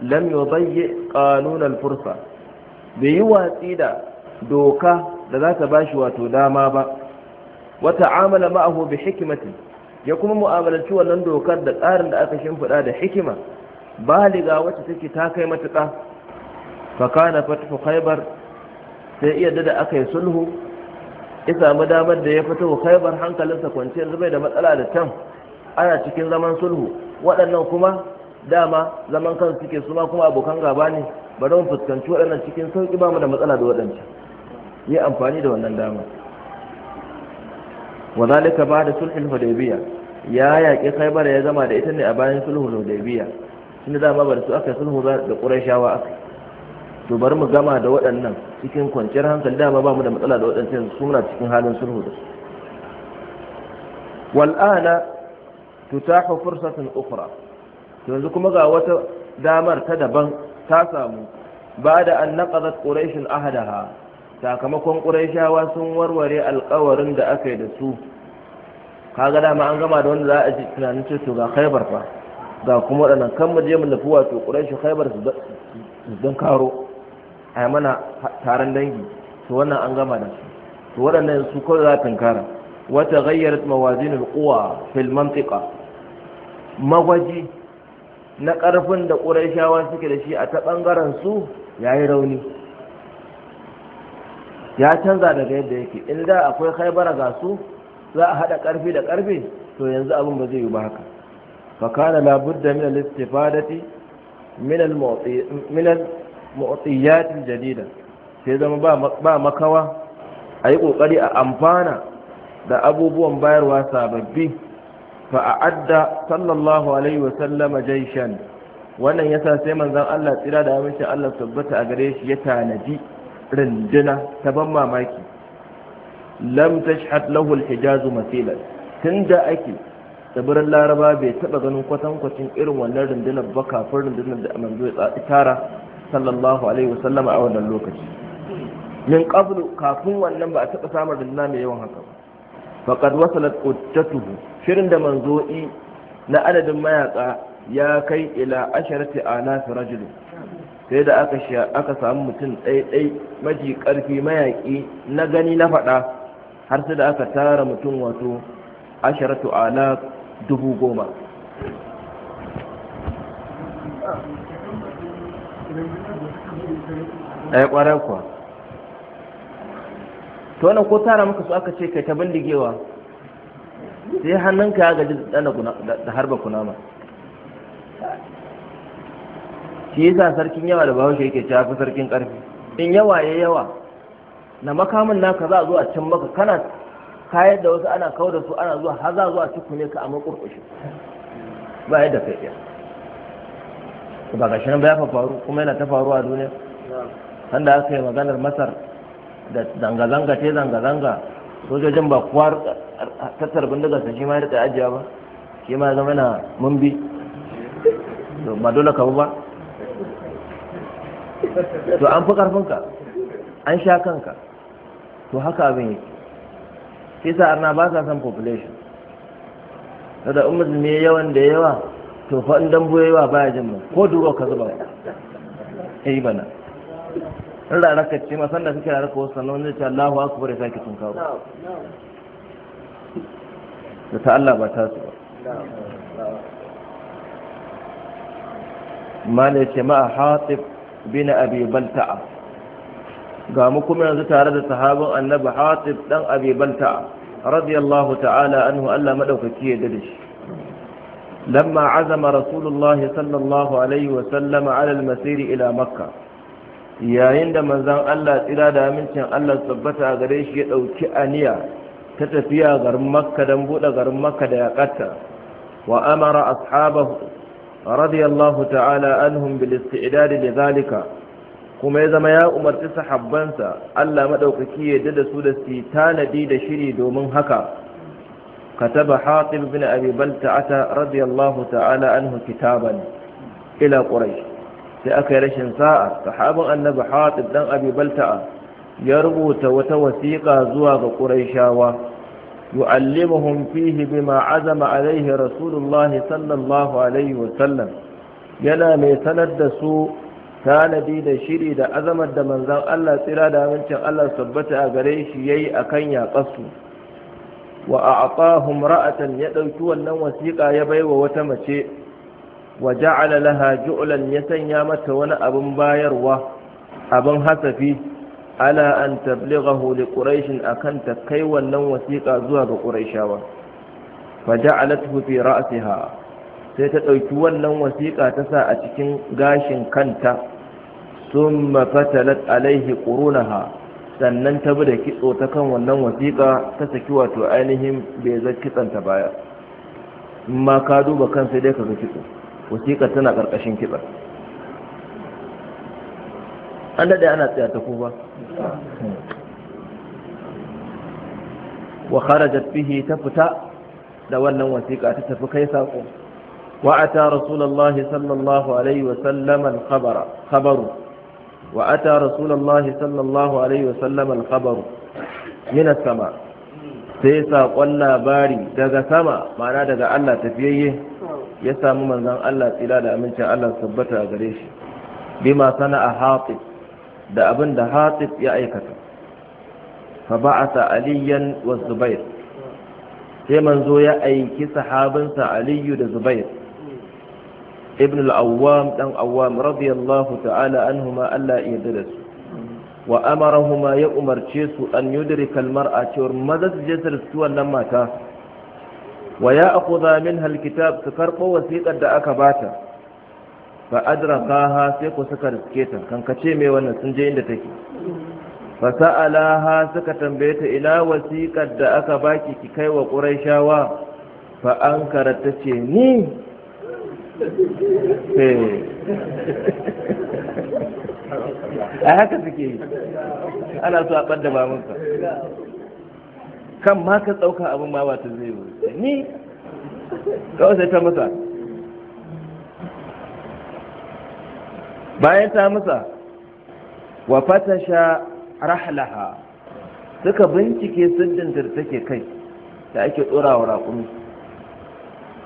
A: lam yudayyi qanun al-fursa bai yi watsi da doka da za ta bashi wato dama ba Wata amala ma'ahu bi hikmati ya kuma mu'amalanci wannan dokar da tsarin da aka shimfiɗa da hikima baliga wacce take ta kai matuƙa fa kana fatu khaybar sai iya da aka yi sulhu ya samu damar da ya fito khaybar hankalinsa kwanciyar zubai da matsala da can ana cikin zaman sulhu waɗannan kuma dama zaman kansu suke su ma kuma abokan gaba ne bari mu fuskanci waɗannan cikin sauƙi ba mu da matsala da waɗancan yi amfani da wannan dama wa zalika ba da sulhul hudaybiya ya yaƙi khaybar ya zama da ita ne a bayan sulhul hudaybiya tunda dama bar su aka sulhu da qurayshawa aka to bari mu gama da waɗannan cikin kwanciyar hankali dama ba mu da matsala da waɗancan su muna cikin halin sulhu da su wal'ana tutahu fursatun ukhra yanzu kuma ga wata damar ta daban ta samu ba da an naƙaza ƙureshin ahadaha sakamakon ƙureshawa sun warware alƙawarin da aka yi da su kaga dama an gama da wanda za a ji tunanin ceto ga khaibar fa ga kuma waɗannan kan mu je mu nufi wato ƙureshin khaibar su don karo a mana taron dangi to wannan an gama da su to waɗannan su kawai za a tunkara wata gayyar mawazinul kuwa fil mantiqa magwaji na ƙarfin da ƙurai ƙuraishawa suke da shi a ta ɓangaren su ya yi rauni ya canza daga yadda yake in da akwai haibara ga su za a haɗa ƙarfi da ƙarfi to yanzu abin ba zai yi ba haka fakana labudda min al-istifadati min al-mu'tiyat jadida sai zama ba makawa a yi ƙoƙari a amfana da abubuwan bayarwa sababbi fa'adda sallallahu alaihi wasallama jaishan wannan ya sa sai manzon Allah tsira da aminci Allah tabbata a gare shi ya tanaji rinduna ta ban mamaki lam tashhad Hijazu al Tun da tunda ake tsibirin laraba bai taba ganin kwatankwacin irin wannan rundunar ba kafin rundunar da manzo ya tara sallallahu alaihi wasallama a wannan lokaci min qablu kafin wannan ba a taba samun runduna mai yawan haka ba faqad wasalat quttatuhu shirin da manzo'i na adadin mayaka ya kai ila asharati alaf rajul sai da aka aka samu mutum ɗaiɗai maji ƙarfi mayaƙi na gani na faɗa har sai da aka tara mutum wato asharatu alaf dubu goma ɗaya eh, ƙwarar kuwa to wannan ko tara maka su aka ce kai ta bindigewa sai hannunka ya gaji da harba kunama shi yasa sarkin yawa da bahaushe yake cewa fi sarkin karfi in yawa ya yawa na makamin naka za a zo a can maka kana kayar da wasu ana kawo da su ana zuwa har za zuwa ne ka a makurkushi ba yadda kai iya ba ga shi nan ba ya faru kuma yana ta faruwa a duniya sanda aka yi maganar masar da zanga-zanga te zanga-zanga sojojin ba kuwa tattar bindigarsa shi ma ya ajiya ba shi ma ya zama na mun bi ba dole ka ba to an fi karfinka an sha kanka to haka abin yake shi sa arna ba sa san population da in musulmi ya yawan da yawa to fa in dambo yawa baya jin ko duro ka zuba yi eh, bana in raraka ce ma sanda kake raraka wasu sannan wani ce Allahu akbar ya sake tun kawo da ta Allah ba ta su ba mala ya ce ma hatib bin abi balta'a ga mu kuma yanzu tare da sahabin annabi hatib dan abi balta'a radiyallahu ta'ala anhu Allah madaukaki ya dade shi لما عزم رسول sallallahu alaihi wa عليه وسلم على المسير ila مكة yayin da manzan Allah tsira da amincin Allah tabbata a gare shi ya ɗauki aniya ta tafiya garin makka don buɗe garin makka da yaƙata wa amara ashabahu radiyallahu ta'ala anhum bil isti'dad li zalika kuma ya zama ya umarci sahabbansa Allah madaukaki ya da su da su tanadi da shiri domin haka kataba hatib bin abi balta'ata radiyallahu ta'ala anhu kitaban ila quraish sai aka yi rashin sa'a sahabin annabi hatib dan abi balta'a ya rubuta wata wasiƙa zuwa ga quraishawa yu'allimuhum fihi bima azama alaihi rasulullahi sallallahu wa sallam yana mai sanar da su tanadi da shiri da azamar da manzon Allah tsira da amincin Allah tabbata a gare shi yayi akan yaƙasu wa a'tahum ra'atan ya dauki wannan wasiƙa ya baiwa wata mace wa ja'ala laha ju'lan ya sanya mata wani abin bayarwa abin hasafi ala an tablighahu li quraish akan ta kai wannan wasiƙa zuwa ga quraishawa fa ja'alathu fi ra'siha sai ta dauki wannan wasiƙa ta sa a cikin gashin kanta thumma fatalat alaihi qurunaha sannan ta bi da kitso ta kan wannan wasiƙa ta saki wato ainihin bai zai kitsanta baya ma ka duba kansa dai ka ga kitso wasiƙar tana ƙarƙashin kitsa an daɗe ana tsaya ta kuma wa kharajat bihi ta fita da wannan wasiƙa ta tafi kai saƙo wa ata rasulullahi sallallahu alaihi wa sallam al-khabara khabaru wa ata rasulullahi sallallahu alaihi wa sallam al-khabaru min as-sama sai saƙon labari daga sama ma'ana daga Allah tafiyayye ya samu manzon Allah tsira da amincin Allah tabbata a gare shi bima sana'a hatib da abin da ya aikata fa ba'atha aliyan wa zubair sai manzo ya aiki sahabinsa aliyu da zubair ibn al-awwam dan awwam radiyallahu ta'ala anhuma Allah ya yarda su wa amarahuma ya umarce su an yudrika al-mar'a cewar maza su je su wannan mata wa ya akuza min halkitab su karɓo wasiƙar da aka bata fa ha sai ku suka riske ta kankace mai wannan sun je inda take fa ha suka tambaye ta ina wasiƙar da aka baki ki kai wa quraishawa fa karata ce ni eh. a haka suke yi ana so a ɓadda babanka kan ma ka ɗauka abin ma ba ta zai yi ni kawai sai ta masa bayan ta masa wa sha rahlaha suka bincike siddin da take kai da ake ɗora wa raƙumi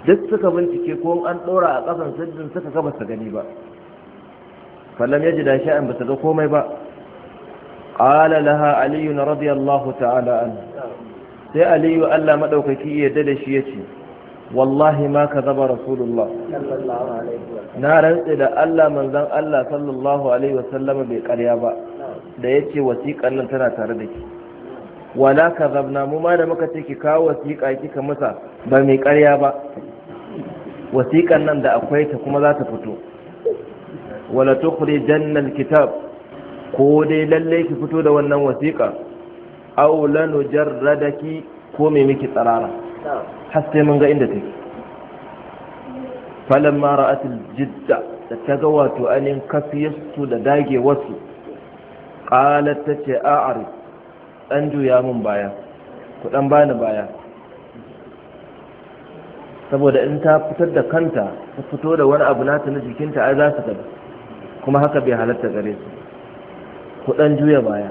A: duk suka bincike ko an ɗora a kasan siddin suka ga basu gani ba fallam yaji ji da sha'an basu ga komai ba qala laha na radiyallahu ta'ala anhu sai aliyu allah maɗaukaki yadda da shi ya ce wallahi ma ka zaba rasulullah na rantse da allah manzan allah sallallahu alaihi wasallama bai karya ba da ya ce wasiƙan nan tana tare da ki wala ka zabna mu ma da muka ce ki kawo wasiƙa kika masa ba mai karya ba wasiƙan nan da akwai ta kuma za ta fito wala tukhrijanna alkitab ko dai lalle ki fito da wannan wasiƙa aulanu jarradaki ko me miki tsarara har sai mun ga inda take falamma ra'atil jidda da ta ga wato anin kafiyarsu da dage wasu qalat ta ce a'ari dan juya mun baya ku dan bani baya saboda in ta fitar da kanta ta fito da wani abu nata na jikinta ai za su tabi kuma haka bai halarta gare su ku dan juya baya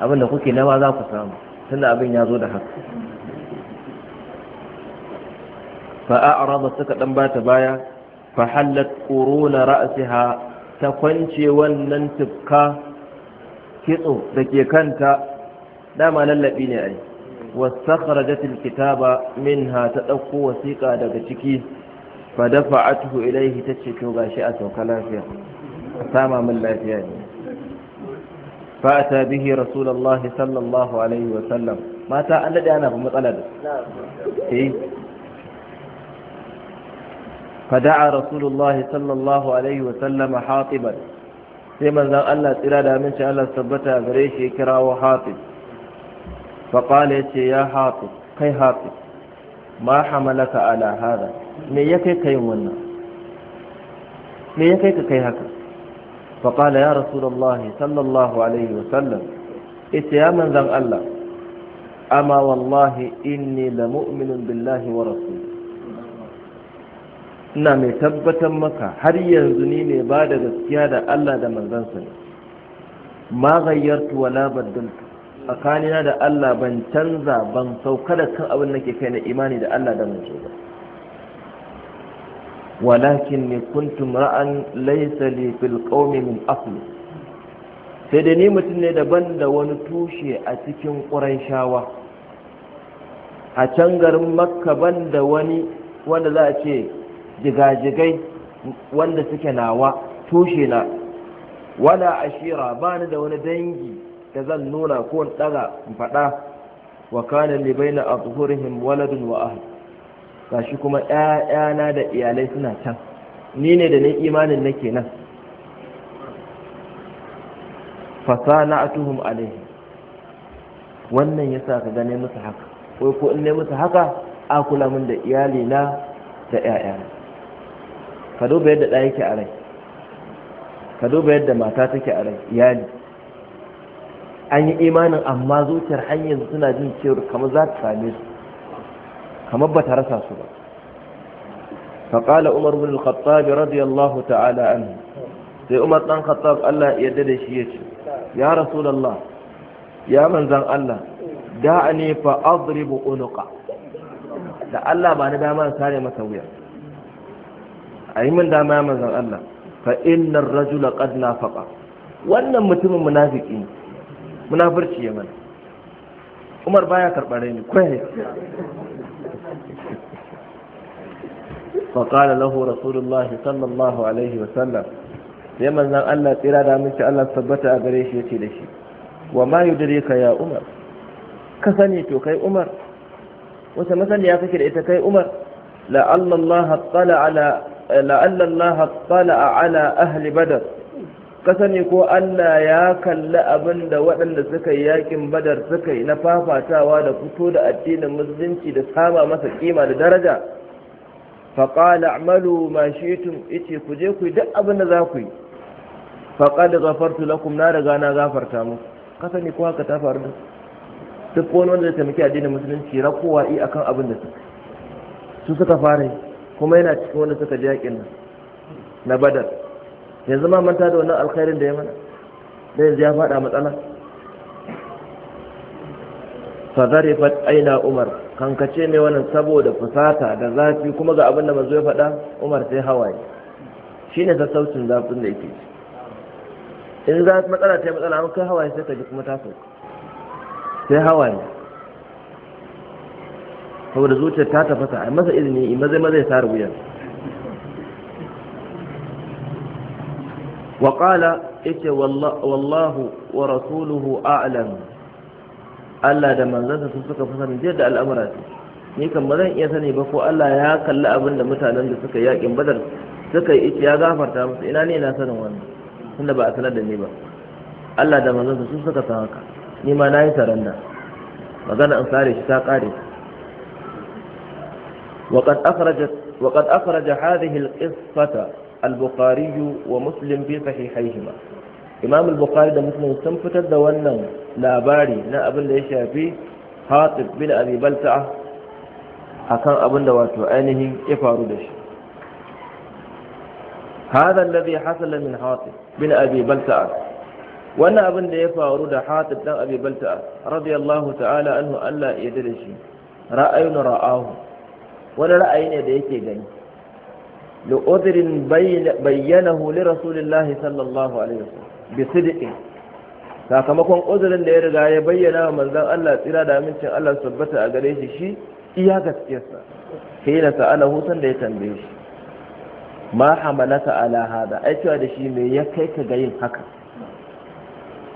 A: abin da kuke nema za ku samu tunda abin ya zo da haka fa'a'arada suka ɗan bata baya fa hallat ƙorona ra'asiha ta kwance wannan tufka kitso da ke kanta dama lallabi ne a yi wasu kharajatul kitaba minha ta ɗauko wasiƙa daga ciki fa atuhu ilaihi ta ce to gashi a sauka lafiya a sama min lafiya ne فأتى به رسول الله صلى الله عليه وسلم ما تا الذي أنا في مطلب إيه؟ فدعا رسول الله صلى الله عليه وسلم حاطبا sai manzan Allah tsira da aminci Allah tabbata a gare shi ya kirawo hatib faƙala ya ce ya hatib kai hatib ma hamalaka ala hada me ya kai ka haka فقال يا رسول الله صلى الله عليه وسلم إت يا من ذن الله أما والله إني لمؤمن بالله ورسوله ina mai tabbatar maka har yanzu ni ne ba da gaskiya da Allah da manzansa ne ma gayyartu wala baddaltu tsakanina da Allah ban canza ban sauka da kan abin nake kai na imani da Allah da manzo ba walakinni kuntu ra'an laysa li fil qawmi min asli sai da ni mutum ne daban da wani tushe a cikin ƙurayshawa a can garin makka ban da wani wanda za a ce jigajigai wanda suke nawa tushe na wala ashira ba ni da wani dangi da zan nuna ko daga faɗa wa kana li baina azhurihim waladun wa ahli shi kuma ɗaya da iyalai suna can ni ne da ni imanin na ke nan Fasa na atuhun alaihi wannan ya sa ka gane musu haka ko ko in ne musu haka a kula min da iyali na da ƴaƴana ka duba yadda ɗaya yake a rai ka duba yadda mata take a rai iyali an yi imanin amma zuciyar hanyar suna jin cewar kamar za ta same su kamar ba ta rasa su ba faƙala umar bin al-khattabi radiyallahu ta'ala anhu sai umar dan khattab Allah ya yarda da shi ce. ya rasulullah ya manzan Allah da'ani fa adribu unuqa da Allah ba ni dama sare masa wuya ayi min dama ya manzan Allah fa innar rajula qad nafaqa wannan mutumin munafiki munafirci ya mana umar baya karɓar ni kai فقال له رسول الله صلى الله عليه وسلم لمن زن الله ترى دامك الله ثبت أبريش يتلشي وما يدريك يا عمر كثني توكي عمر وسمثل يا فكر إتكي عمر لعل الله اطلع على لعل الله اطلع على أهل بدر ka sani ko Allah ya kalli abin da waɗanda suka yi yakin badar suka yi na fafatawa da fito da addinin musulunci da saba masa kima da daraja faƙala amalu ma shitun ice ku je ku yi duk abin da za ku yi faƙada zafartu lakum na riga na gafarta mu ka sani ko haka ta faru da duk wani wanda zai taimaki addinin musulunci rakowa i akan abin da suka su suka fara kuma yana cikin wanda suka je yakin nan na badar yanzu ma manta da wannan alkhairin da ya mana da yanzu ya faɗa matsala fadarifat aina umar kankace mai wannan saboda fusata da zafi kuma ga abin da manzo ya faɗa umar sai hawaye shine sautin zafin da yake in za matsala ta matsala an kai hawaye sai ka ji kuma ta sauka sai hawaye saboda zuciyar ta tafasa a masa izini in mazai mazai sa rubuyan wa qala ita wallahu wa rasuluhu a'lam Allah da manzansa sun suka fi sanin da al'amura ce ni kan ba zan iya sani ba ko Allah ya kalli abin da mutanen da suka yaƙin badar suka yi ita ya gafarta musu ina ne na sanin wannan tunda ba a sanar da ni ba Allah da manzansa sun suka san haka ni ma na yi saranda magana in sare shi ta kare وقد أخرج وقد أخرج هذه القصة البخاري ومسلم في صحيحيهما imam bukhari da muslim sun fitar da wannan labari na abin ya shafi hatib bin abi balta'a akan abin da wato ainihin ya faru da shi hada alladhi hasala min hatib bin abi balta'a wannan abin da ya faru da hatib dan abi balta'a radiyallahu ta'ala anhu Allah ya yarda da shi ra'ayun ra'ahu wani ra'ayi ne da yake gani لعذر بينه لرسول الله صلى الله عليه وسلم بصدق sakamakon uzurin da ya riga ya bayyana wa manzon Allah tsira da amincin Allah tabbata a gare shi shi iya gaskiyarsa sai na sa'ala hutan da ya tambaye shi ma hamalaka ala hada ai cewa da shi me ya kai ka ga yin haka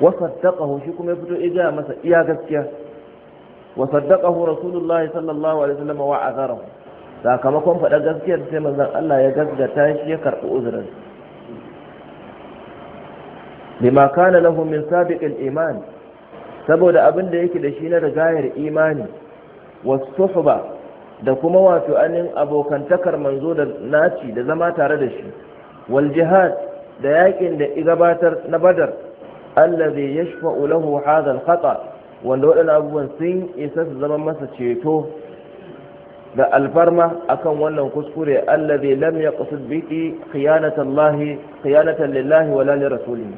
A: wa saddaqahu shi kuma ya fito iga masa iya gaskiya wa saddaqahu rasulullahi sallallahu alaihi wasallam wa azarahu sakamakon faɗa gaskiyar sai manzan Allah ya gaskata shi ya karɓi uzurin lima kana lahu min sabiqil iman saboda abin da yake da shi na rigayar imani wasuhba da kuma wato anin abokantakar manzo da naci da zama tare da shi wal jihad da yakin da igabatar na badar allazi yashfa'u lahu hadha al khata wanda wadannan abubuwan sun isa su zama masa ceto da alfarma akan wannan kuskure allazi lam yaqsid biki khiyanatan lahi khiyanatan lillahi wala li rasulihi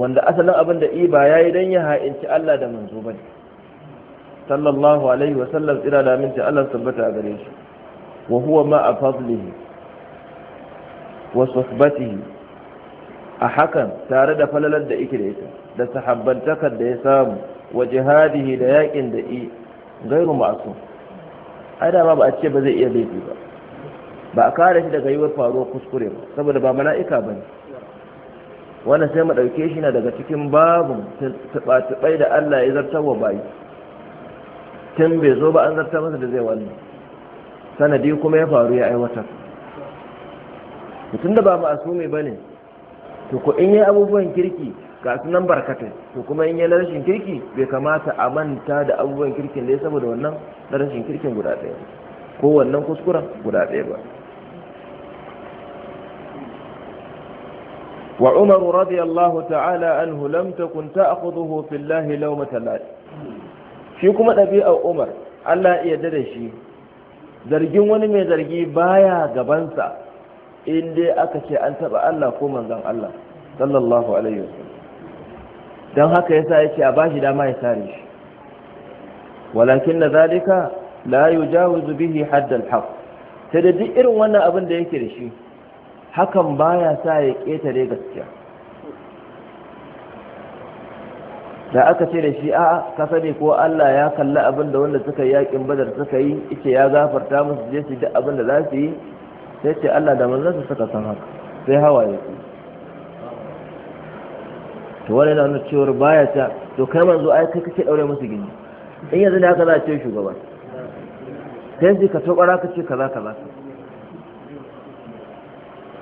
A: wanda asalin abin da iba yayi dan ya ha'inci Allah da manzo bane sallallahu alaihi wa sallam ira da minti Allah tabbata gare shi wa huwa ma fadlihi wa suhbatihi a hakan tare da falalar da yake da ita da sahabbantakar da ya samu wa jihadihi da yakin da i gairu ma'sum ai da ba a ce ba zai iya laifi ba ba a kare shi daga yiwuwar faruwar kuskure ba saboda ba mala'ika ba ne wannan sai mu ɗauke shi na daga cikin babin tuɓa-tuɓai da Allah ya zartar wa bayi tun bai zo ba an zartar masa da zai wani. sanadi kuma ya faru ya aiwatar mutum da ba asumi ba ne to ko in yi abubuwan kirki ga su nan barkatai to kuma in yi na rashin kirki bai kamata a manta da abubuwan kirkin da ya saboda wannan na rashin kirkin guda ɗaya ko wannan kuskuren guda ɗaya ba wa umaru radiyallahu ta'ala an anhu lam takun ta'khudhuhu fillahi lawmata la'ib shi kuma ɗabi'a umar Allah iya da shi zargin wani mai zargi baya gabansa in dai aka ce an taba Allah ko manzan Allah sallallahu alaihi wasallam don haka yasa yake a bashi dama ya tare shi walakin na zalika la yujawizu bihi haddal haqq sai da duk irin wannan abin da yake da shi hakan baya sa ya ƙetare gaskiya da aka ce da shi a ka sani ko Allah ya kalli abin da wanda suka yi yakin badar suka yi ita ya gafarta musu je su duk abin da za su yi sai ce Allah da manzansa suka san haka sai hawaye fi. to wani na cewar baya ta to kai manzo ai kai kake daure musu gindi in yanzu ne haka za a ce shugaba sai sai ka tobara ka ce kaza kaza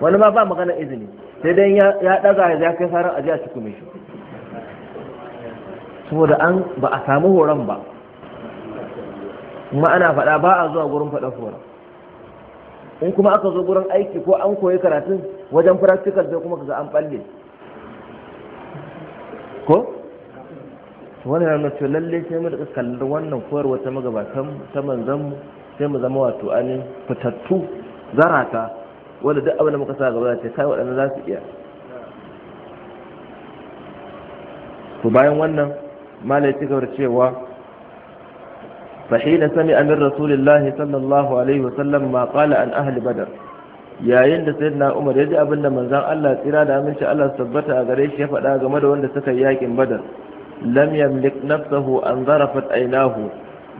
A: wani ma ba magana izini sai dai ya daga ya kai saran aje a cikin shi saboda an ba a samu horon ba kuma ana faɗa ba a zuwa gurin faɗa horon in kuma aka zo gurin aiki ko an koyi karatun wajen practical sai kuma ga an balle ko wani na nuna lalle sai mu da kallar wannan koyar wata magabatan ta manzan sai mu zama wato anin fitattu zarata wanda duk abin da muka sa gaba ce kai waɗannan za su iya to bayan wannan malai ci gaba da cewa فحين sami من رسول sallallahu alaihi wasallam ma qala an ahli badar. yayin da sayyidina Umar ya ji abin da manzon Allah tsira da aminci Allah tabbata a gare shi ya faɗa game da wanda suka yi yakin Badar lam yamlik nafsahu an zarafat aynahu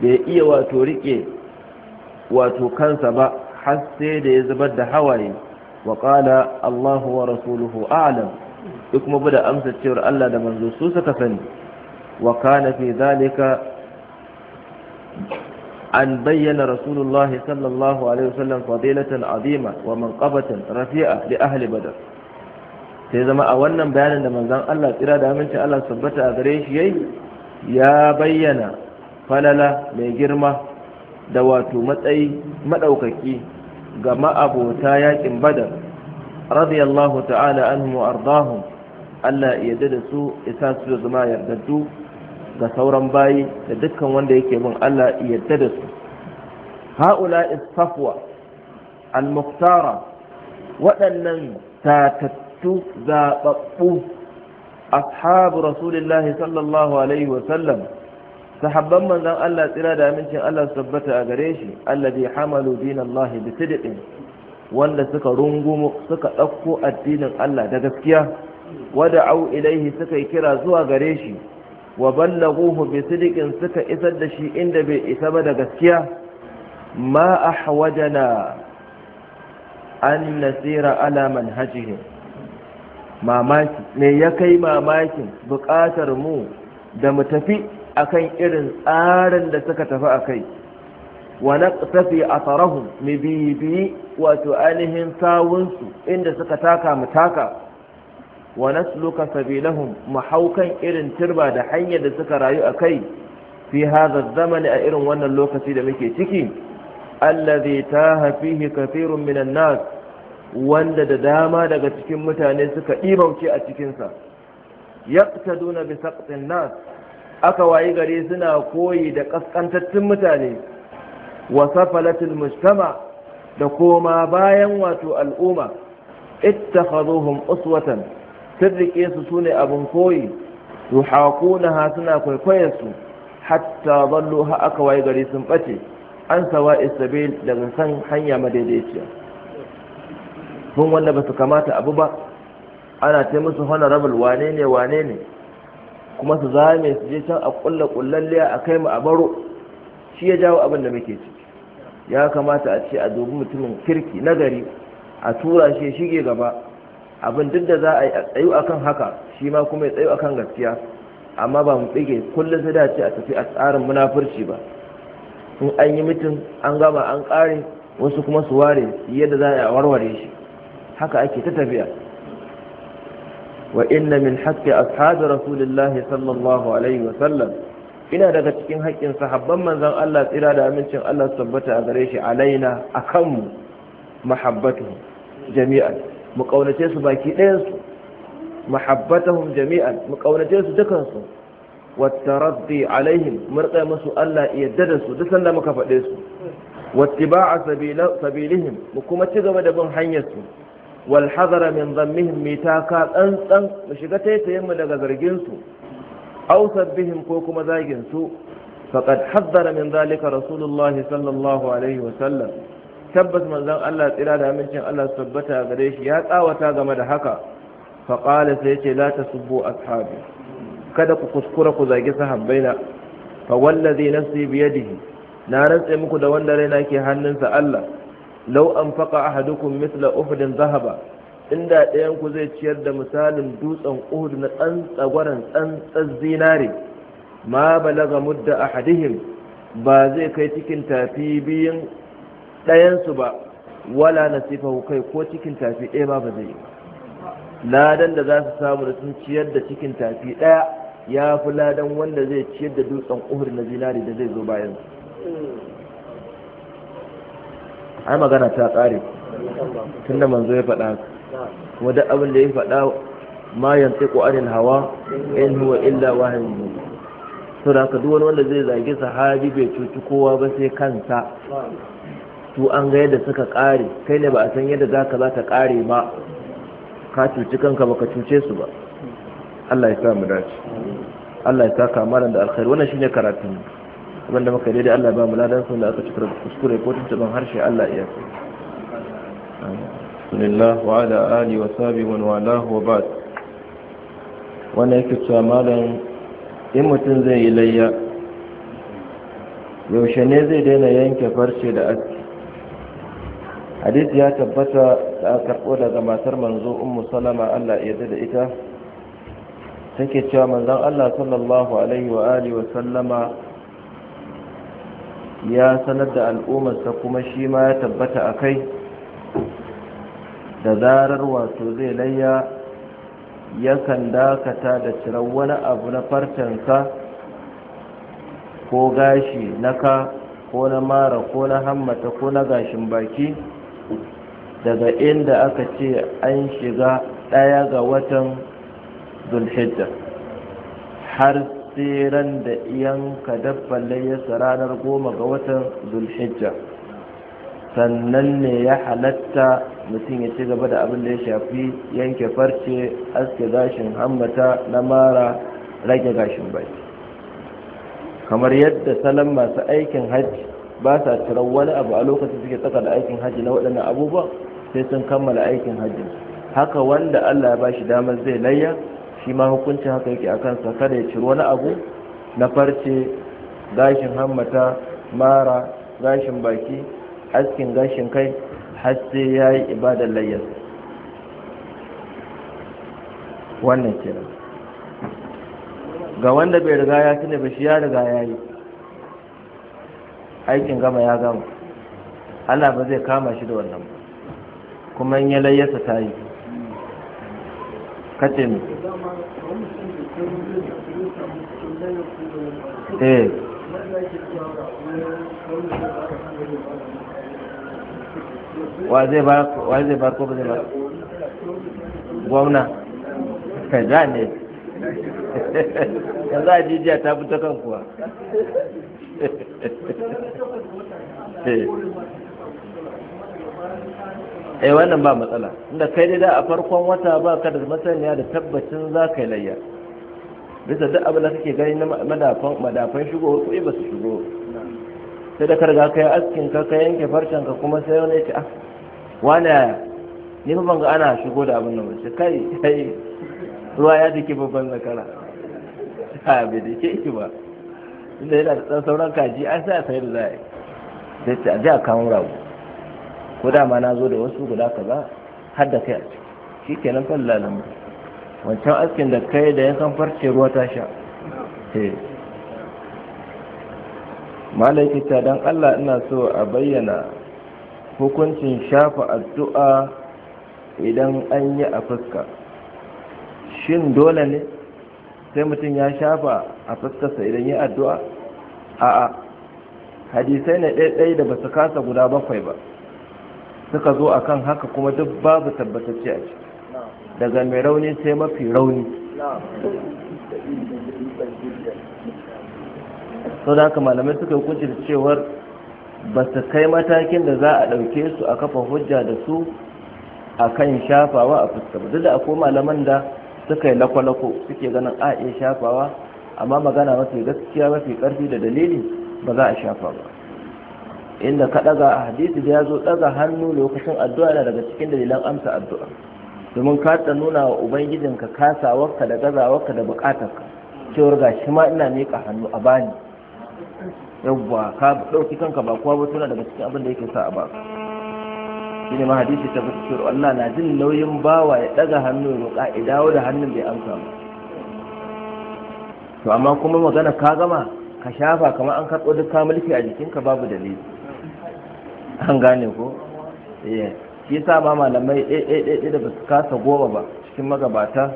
A: bai iya wato rike wato kansa ba har sai da ya zubar da hawaye wa qala Allahu wa rasuluhu a'lam duk kuma bada amsa cewar Allah da manzo su suka sani wa kana fi zalika an bayyana rasulullahi الله صلى الله عليه وسلم فضيلة عظيمة ومنقبة رفيئة لأهل بدر sai zama a wannan bayanin da manzan Allah tsira da aminci Allah sabbata a gare shi yayi ya bayyana falala mai girma da wato matsayi madaukaki ga ma'abota yakin badar radiyallahu ta'ala anhu wa ardahum Allah ya yarda da su isa su zama yardaddu ga sauran bayi da dukkan wanda yake bin Allah yadda da su ha'ula safwa al-muhtara waɗannan tatattu zaɓaɓɓu ashabu rasulillah sallallahu alaihi wa sallam sahabban manzon Allah tsira da amincin Allah su tabbata a gare shi alladhi hamalu dinallahi bi sidqin wanda suka rungumo suka ɗauko addinin Allah da gaskiya Au ilaihi suka yi kira zuwa gare shi wa ballaguhu bi sidiqin suka isar da shi inda bai isa ba da gaskiya ma ahwajana an nasira ala manhajihi mamaki me ya kai mamakin buƙatar mu da mu tafi akan irin tsarin da suka tafi akai wa naqtafi atharahum mu bibi wato ainihin sawunsu inda suka taka mu taka wa nasluka sabilahum mu irin turba da hanyar da suka rayu a kai fi hadha zamani a irin wannan lokaci da muke ciki allazi taha fihi kathirun minan nas wanda da dama daga cikin mutane suka ɗibauce a cikinsa yaqtaduna bi saqtin nas aka wayi gare suna koyi da kaskantattun mutane wa safalatul mujtama da koma bayan wato al'umma ittakhadhuhum uswatan sun rike su su ne abin koyi ha suna kwaikwayar su hatta zallu ha aka waye gari sun bace an sawa isabil daga san hanya madaidaiciya sun wanda ba su kamata abu ba ana ce musu honorable wane ne wane ne kuma su zame su je can a kulla kullalliya a kai mu a baro shi ya jawo abin da muke ci. ya kamata a ce a dubi mutumin kirki na gari, a tura shi shige gaba abin duk da za a yi tsayu akan haka shi ma kuma ya tsayu akan gaskiya amma ba mu tsige kullum sai da ce a tafi a tsarin munafurci ba in an yi mutum an gama an ƙare wasu kuma su ware yadda za a warware shi haka ake ta tafiya wa inna min haqqi ashabi rasulillahi sallallahu alaihi wa sallam ina daga cikin haƙƙin sahabban manzon Allah tsira da amincin Allah tabbata a gare shi alaina akan mu mahabbatu jami'an mu kaunace su baki ɗayansu muhabbatahum jami'an mu kaunace su dukansu wattaraddi alaihim murɗa musu Allah ya da su duk sanda muka faɗe su wattiba'a sabilihim mu kuma ci gaba da bin hanyar su wal hadara min dhammihim mitaka tsantsan mu shiga taitayen mu daga zargin su aw sabbihim ko kuma zagin su faqad haddara min zalika rasulullahi sallallahu alaihi wa sallam tabbas manzon Allah tsira da amincin Allah su tabbata gare shi ya tsawata game da haka fa qala sai yace la tasubbu ashabi kada ku kuskura ku zagi na fa wallazi nafsi bi yadihi na rantse muku da wanda raina ke hannunsa Allah law anfaqa ahadukum mithla uhudin zahaba inda ɗayan ku zai ciyar da misalin dutsen uhud na tsantsagwaran tsantsan zinare ma balaga mudda ahadihim ba zai kai cikin tafi biyun ɗayansu ba wala nasifahu kai ko cikin tafi ɗaya ba ba zai yi ladan da za su samu da sun ciyar da cikin tafi ɗaya ya fi ladan wanda zai ciyar da dutsen uhur na zinari da zai zo bayan su. ai magana ta tun tunda manzo ya faɗa kuma duk abin da ya faɗa ma yantiqu anil hawa in huwa illa mu. to da duk wani wanda zai zage sahabi bai cuci kowa ba sai kansa su an ga yadda suka kare kai ne ba a san yadda za ka za ta kare ba ka cuci kanka ba ka cuce su ba Allah ya sa mu dace Allah ya saka mana da alkhairi wannan shine karatun wanda muka daidai Allah ba mu ladan sun da aka cikar kuskure ko ban harshe Allah ya yi Bismillah wa ala ali wa sahbihi wa Walahu wa ba'd wannan yake cewa malam in mutum zai yi layya yaushe ne zai daina yanke farce da aski hadisi ya tabbata da aka karɓo daga matar manzo ummu salama Allah ya da ita take cewa manzon Allah sallallahu alaihi wa alihi wa sallama ya sanar da al'ummarsa kuma shi ma ya tabbata a kai da zarar wato zai layya yakan dakata da cirar wani abu na sa ko gashi na ka ko na mara ko na hammata ko na gashin baki daga inda aka ce an shiga ɗaya ga watan zulhijja har tseren da yanka dabban layyarsa ranar goma ga watan zulhijja sannan ne ya halatta mutum ya ci gaba da abin da ya shafi yanke farce aske gashin hammata na mara rage gashin baki kamar yadda salon masu aikin hajji ba sa cirar wani abu a lokacin suke tsaka da aikin hajji na waɗannan abubuwa sai sun kammala aikin hajji haka wanda Allah ya ba shi damar zai layya shi ma hukuncin haka yake a kansa kada ya ciro wani abu na farce gashin hammata mara gashin baki askin gashin kai har sai ya yi ibadar layyar wannan kenan ga wanda bai riga ya tuna ba shi ya riga ya yi aikin gama ya gama Allah ba zai kama shi da wannan ba kuma in ya layyasa ta yi kace mu eh wa zai ba ko ba zai ba gwamna kaza ne yanzu a jijiya ta ta kan kuwa eh wannan ba matsala inda kai dai da a farkon wata ba ka da masaniya da tabbacin za ka yi layya bisa duk abin da kake gani na madafan madafan shigo kuɗi ba su shigo sai da karga kai askin ka ka yanke farcen ka kuma sai wani ya ce ah wani ni ba ban ga ana shigo da abin nan ba sai kai kai ruwa ya jike babban zakara a bai dake ki ba inda yana da ɗan sauran kaji an sa sai da za a yi ce a ji a kawo rago ko dama na zo da wasu guda kaza har da kai a ciki shi kenan kan lalama wancan askin da kai da ya san farce ruwa ta sha eh. malaki ta don allah ina so a bayyana hukuncin shafa addu'a idan an yi a fuska shin dole ne sai mutum ya shafa a fuskarsa idan yi addu'a a'a hadisai ne ɗaiɗai da ba su kasa guda bakwai ba suka zo akan haka kuma duk babu tabbatacce a ciki daga mai rauni sai mafi rauni sau da haka malamai suka yi kuncin cewar ba su kai matakin da za a ɗauke su a kafa hujja da su a kan shafawa a fuskar duk da akwai malaman da suka yi lakwalako suke ganin a iya shafawa amma magana mafi gaskiya mafi karfi da dalili ba za a shafa ba inda ka daga a hadisi da ya zo daga hannu lokacin addu'a na daga cikin dalilan amsa addu'a domin ka ta nuna wa ubangijinka kasawarka da gazawarka da bukatarka cewar ga shi ma ina miƙa hannu a bani yawwa ka ɗauki kanka ba kowa ba tuna daga cikin abin da yake sa a baka shi ne ma hadisi ta fitur Allah na jin nauyin bawa ya daga hannu ya roƙa ya dawo da hannun bai amsa ba to amma kuma magana ka gama ka shafa kamar an karɓo duk mulki a jikinka babu dalili an gane ko eh shi yasa ma malamai ɗaya da basu kasa goma ba cikin magabata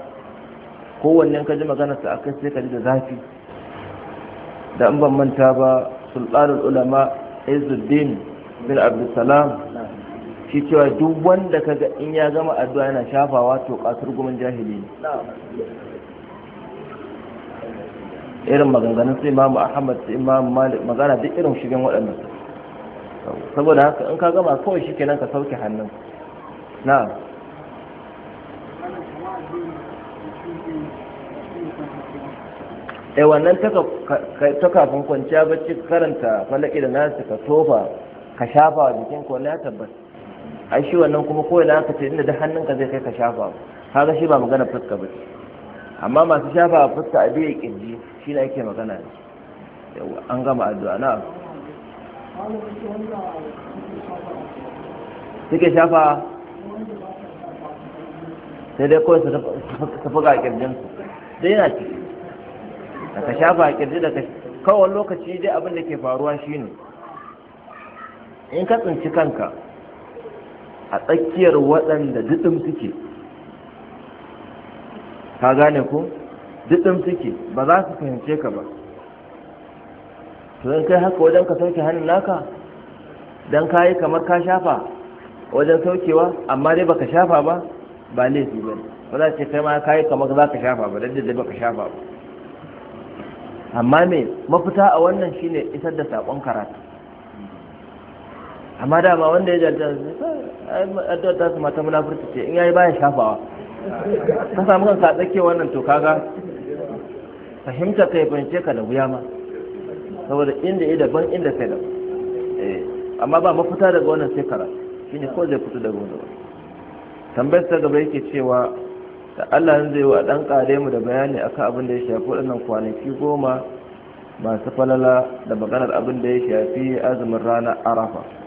A: wannan ka ji maganar su akai sai ka ji da zafi da in ban manta ba sultanul ulama izuddin bin Abdulsalam shi cewa duk wanda kaga in ya gama addu'a yana shafawa to kasar gumin jahili ne irin maganganun su imamu ahmad su imamu malik magana duk irin shigen waɗannan saboda haka in ka gama kawai shi kenan ka sauke hannun na e eh, wannan ta kafin kwanciya bacci karanta falaki da nasu ka tofa ka shafa jikin kwallo ya tabbata ai shi wannan kuma ko ina aka ce inda da hannunka zai kai ka shafa kaga shi ba magana fuska ba amma masu shafa a fuska a biya kirji shi ne ake magana yawa an gama addu'a na suke shafa sai dai kawai su fuga a su dai yana ciki da ka shafa a kirji da ka kawai lokaci dai abin da ke faruwa shine in ka tsinci kanka a tsakiyar waɗanda duɗin suke ka gane ko duɗin suke ba za su fahimce ka ba to kai haka wajen ka sauke hannun naka don ka yi kamar ka shafa wajen saukewa amma dai baka shafa ba ba laifi ba ba za ce kai ma ka yi kamar za ka shafa ba dadda dai baka shafa ba amma me mafita a wannan shine isar da saƙon karatu amma dama wanda ya jalta addu'a ta su mata munafurci ce in yayi baya shafawa ka samu kanka tsake wannan to kaga fahimta kai fahimce ka da wuya ma saboda inda ya daban inda sai daban eh, amma ba mafita daga wannan sai shi shine ko zai fito daga ba tambayar ta gaba yake cewa da Allah zai wa ɗan ƙare mu da bayani akan abin da ya shafi waɗannan kwanaki goma masu falala da maganar abin da ya shafi azumin rana arafa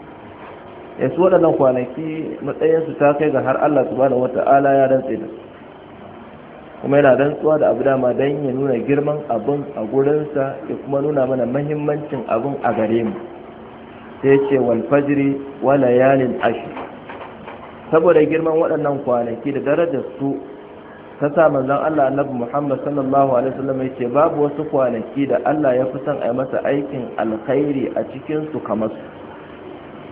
A: yasu eh, su waɗannan kwanaki matsayinsu ta kai ga har Allah subhanahu wata'ala ya rantse da kuma yana rantsuwa da abu dama don ya nuna girman abin a gurinsa ya kuma nuna mana mahimmancin abun a gare mu sai ce wal fajri wa layalin saboda girman waɗannan kwanaki da darajar su ta sa manzon Allah annabi Muhammad sallallahu alaihi wasallam yace babu wasu kwanaki da Allah ya fi son a masa aikin alkhairi a cikin su kamar su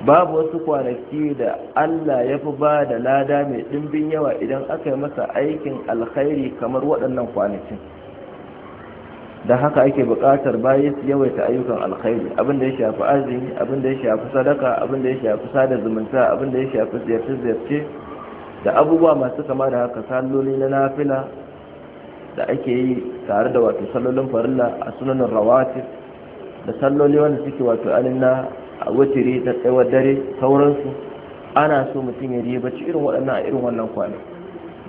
A: babu wasu kwanaki da Allah ya fi ba da lada mai ɗimbin yawa idan aka yi masa aikin alkhairi kamar waɗannan kwanakin da haka ake buƙatar bayan su yawaita ayyukan alkhairi abinda ya shafi azumi abinda ya shafi sadaka abinda ya shafi sada zumunta abinda ya shafi ziyarce-ziyarce da abubuwa masu kama da haka salloli na nafila da ake yi tare da wato sallolin farilla a sunanin rawatib da salloli wanda suke wato alin na a wutiri da tsawar dare sauransu ana so mutum ya riba ci irin waɗannan a irin wannan kwanan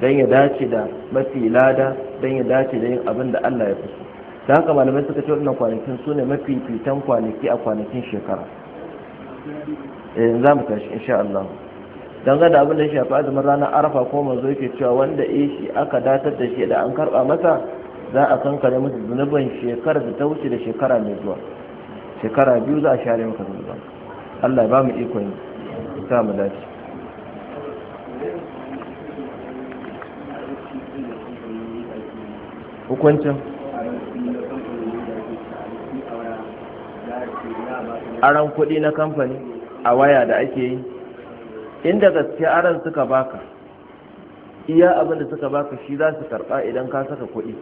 A: don ya dace da mafi lada don ya dace da yin abin da Allah ya fi so ta haka malamai suka ce waɗannan kwanakin su ne mafi fitan kwanaki a kwanakin shekara eh, za mu tashi insha Allah don da abin da ya shafi azumin ranar arafa ko manzo yake cewa wanda ya shi aka datar da shi da an karɓa masa za a kankare musu zunubin shekara da ta wuce da shekara mai zuwa shekara biyu za a share maka zunuba Allah ya ba mu ikon sa mu dace hukuncin aran kuɗi na kamfani a waya da ake yi inda gaske aran suka baka iya abin da suka baka shi za su karɓa idan ka saka kuɗi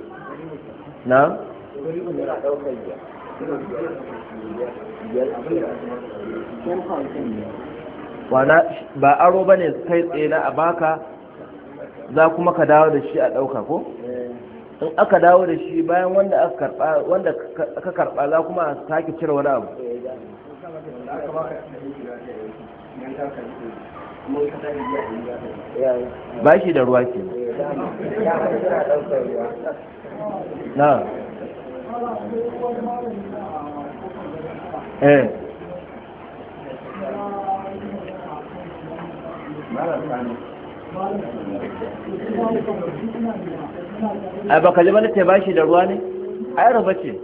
A: na? ba aro ba ne kai tsena a baka za kuma ka dawo da shi a ɗauka ko in aka dawo da shi bayan wanda aka karɓa wanda aka karɓa za kuma a sake cire wani abu
B: ba shi da ruwa ke na eh ai ba kalli
A: bane da ruwa ne ai rufa ce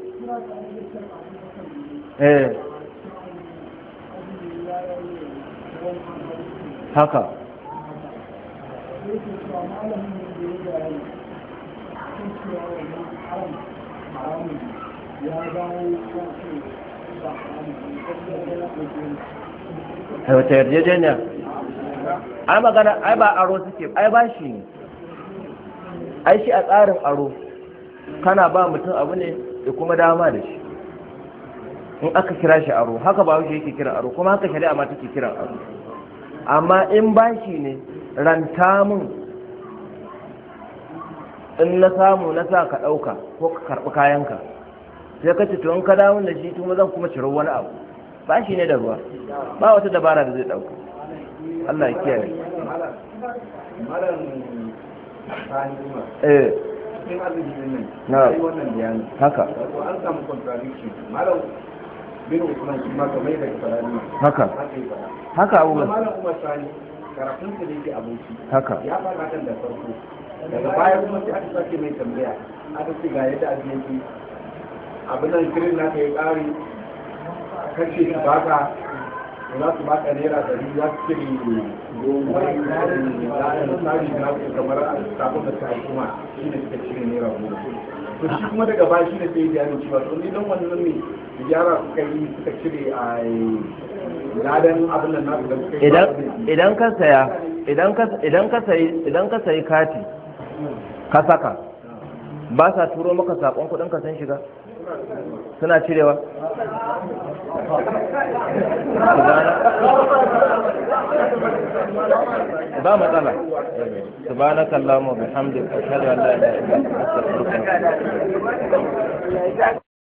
A: eh. haka
B: haramun ya dawo
A: ba haramun ai ai magana ai ba aro suke ai ba shi ne ai shi a tsarin aro kana ba mutum abu ne da kuma dama da shi in aka kira shi aro haka ba shi yake kira aro kuma haka shari'a ma take kira aro amma in ba shi ne ranta mun in na samu na sa ka ɗauka ko ka karɓi kayanka sai ka ce to in ka dawo da shi tuma zan kuma ciro wani abu ba shi ne da ruwa ba wata dabara da zai ɗauka Allah ya kiyaye eh na haka haka haka abu haka haka ya faɗa kan da farko daga baya kuma sai aka sake mai tambaya aka ce ga yadda ake yake abin nan kirin na kai ƙari kashe su baka za su baka naira dari za su kiri goma da an tsari na su kamar a sabon da ta kuma shi ne suka cire naira goma to shi kuma daga baya shi ne sai ya jami cewa to ni dan wannan ne gyara suka yi suka cire a eh, ladan abin nan na idan ka saya idan ka sayi kati ka saka ba sa turo maka sakon kudin ka san shiga
B: suna cirewa ba matsala subhanaka allahumma bihamdika ashhadu an la ilaha illa anta astaghfiruka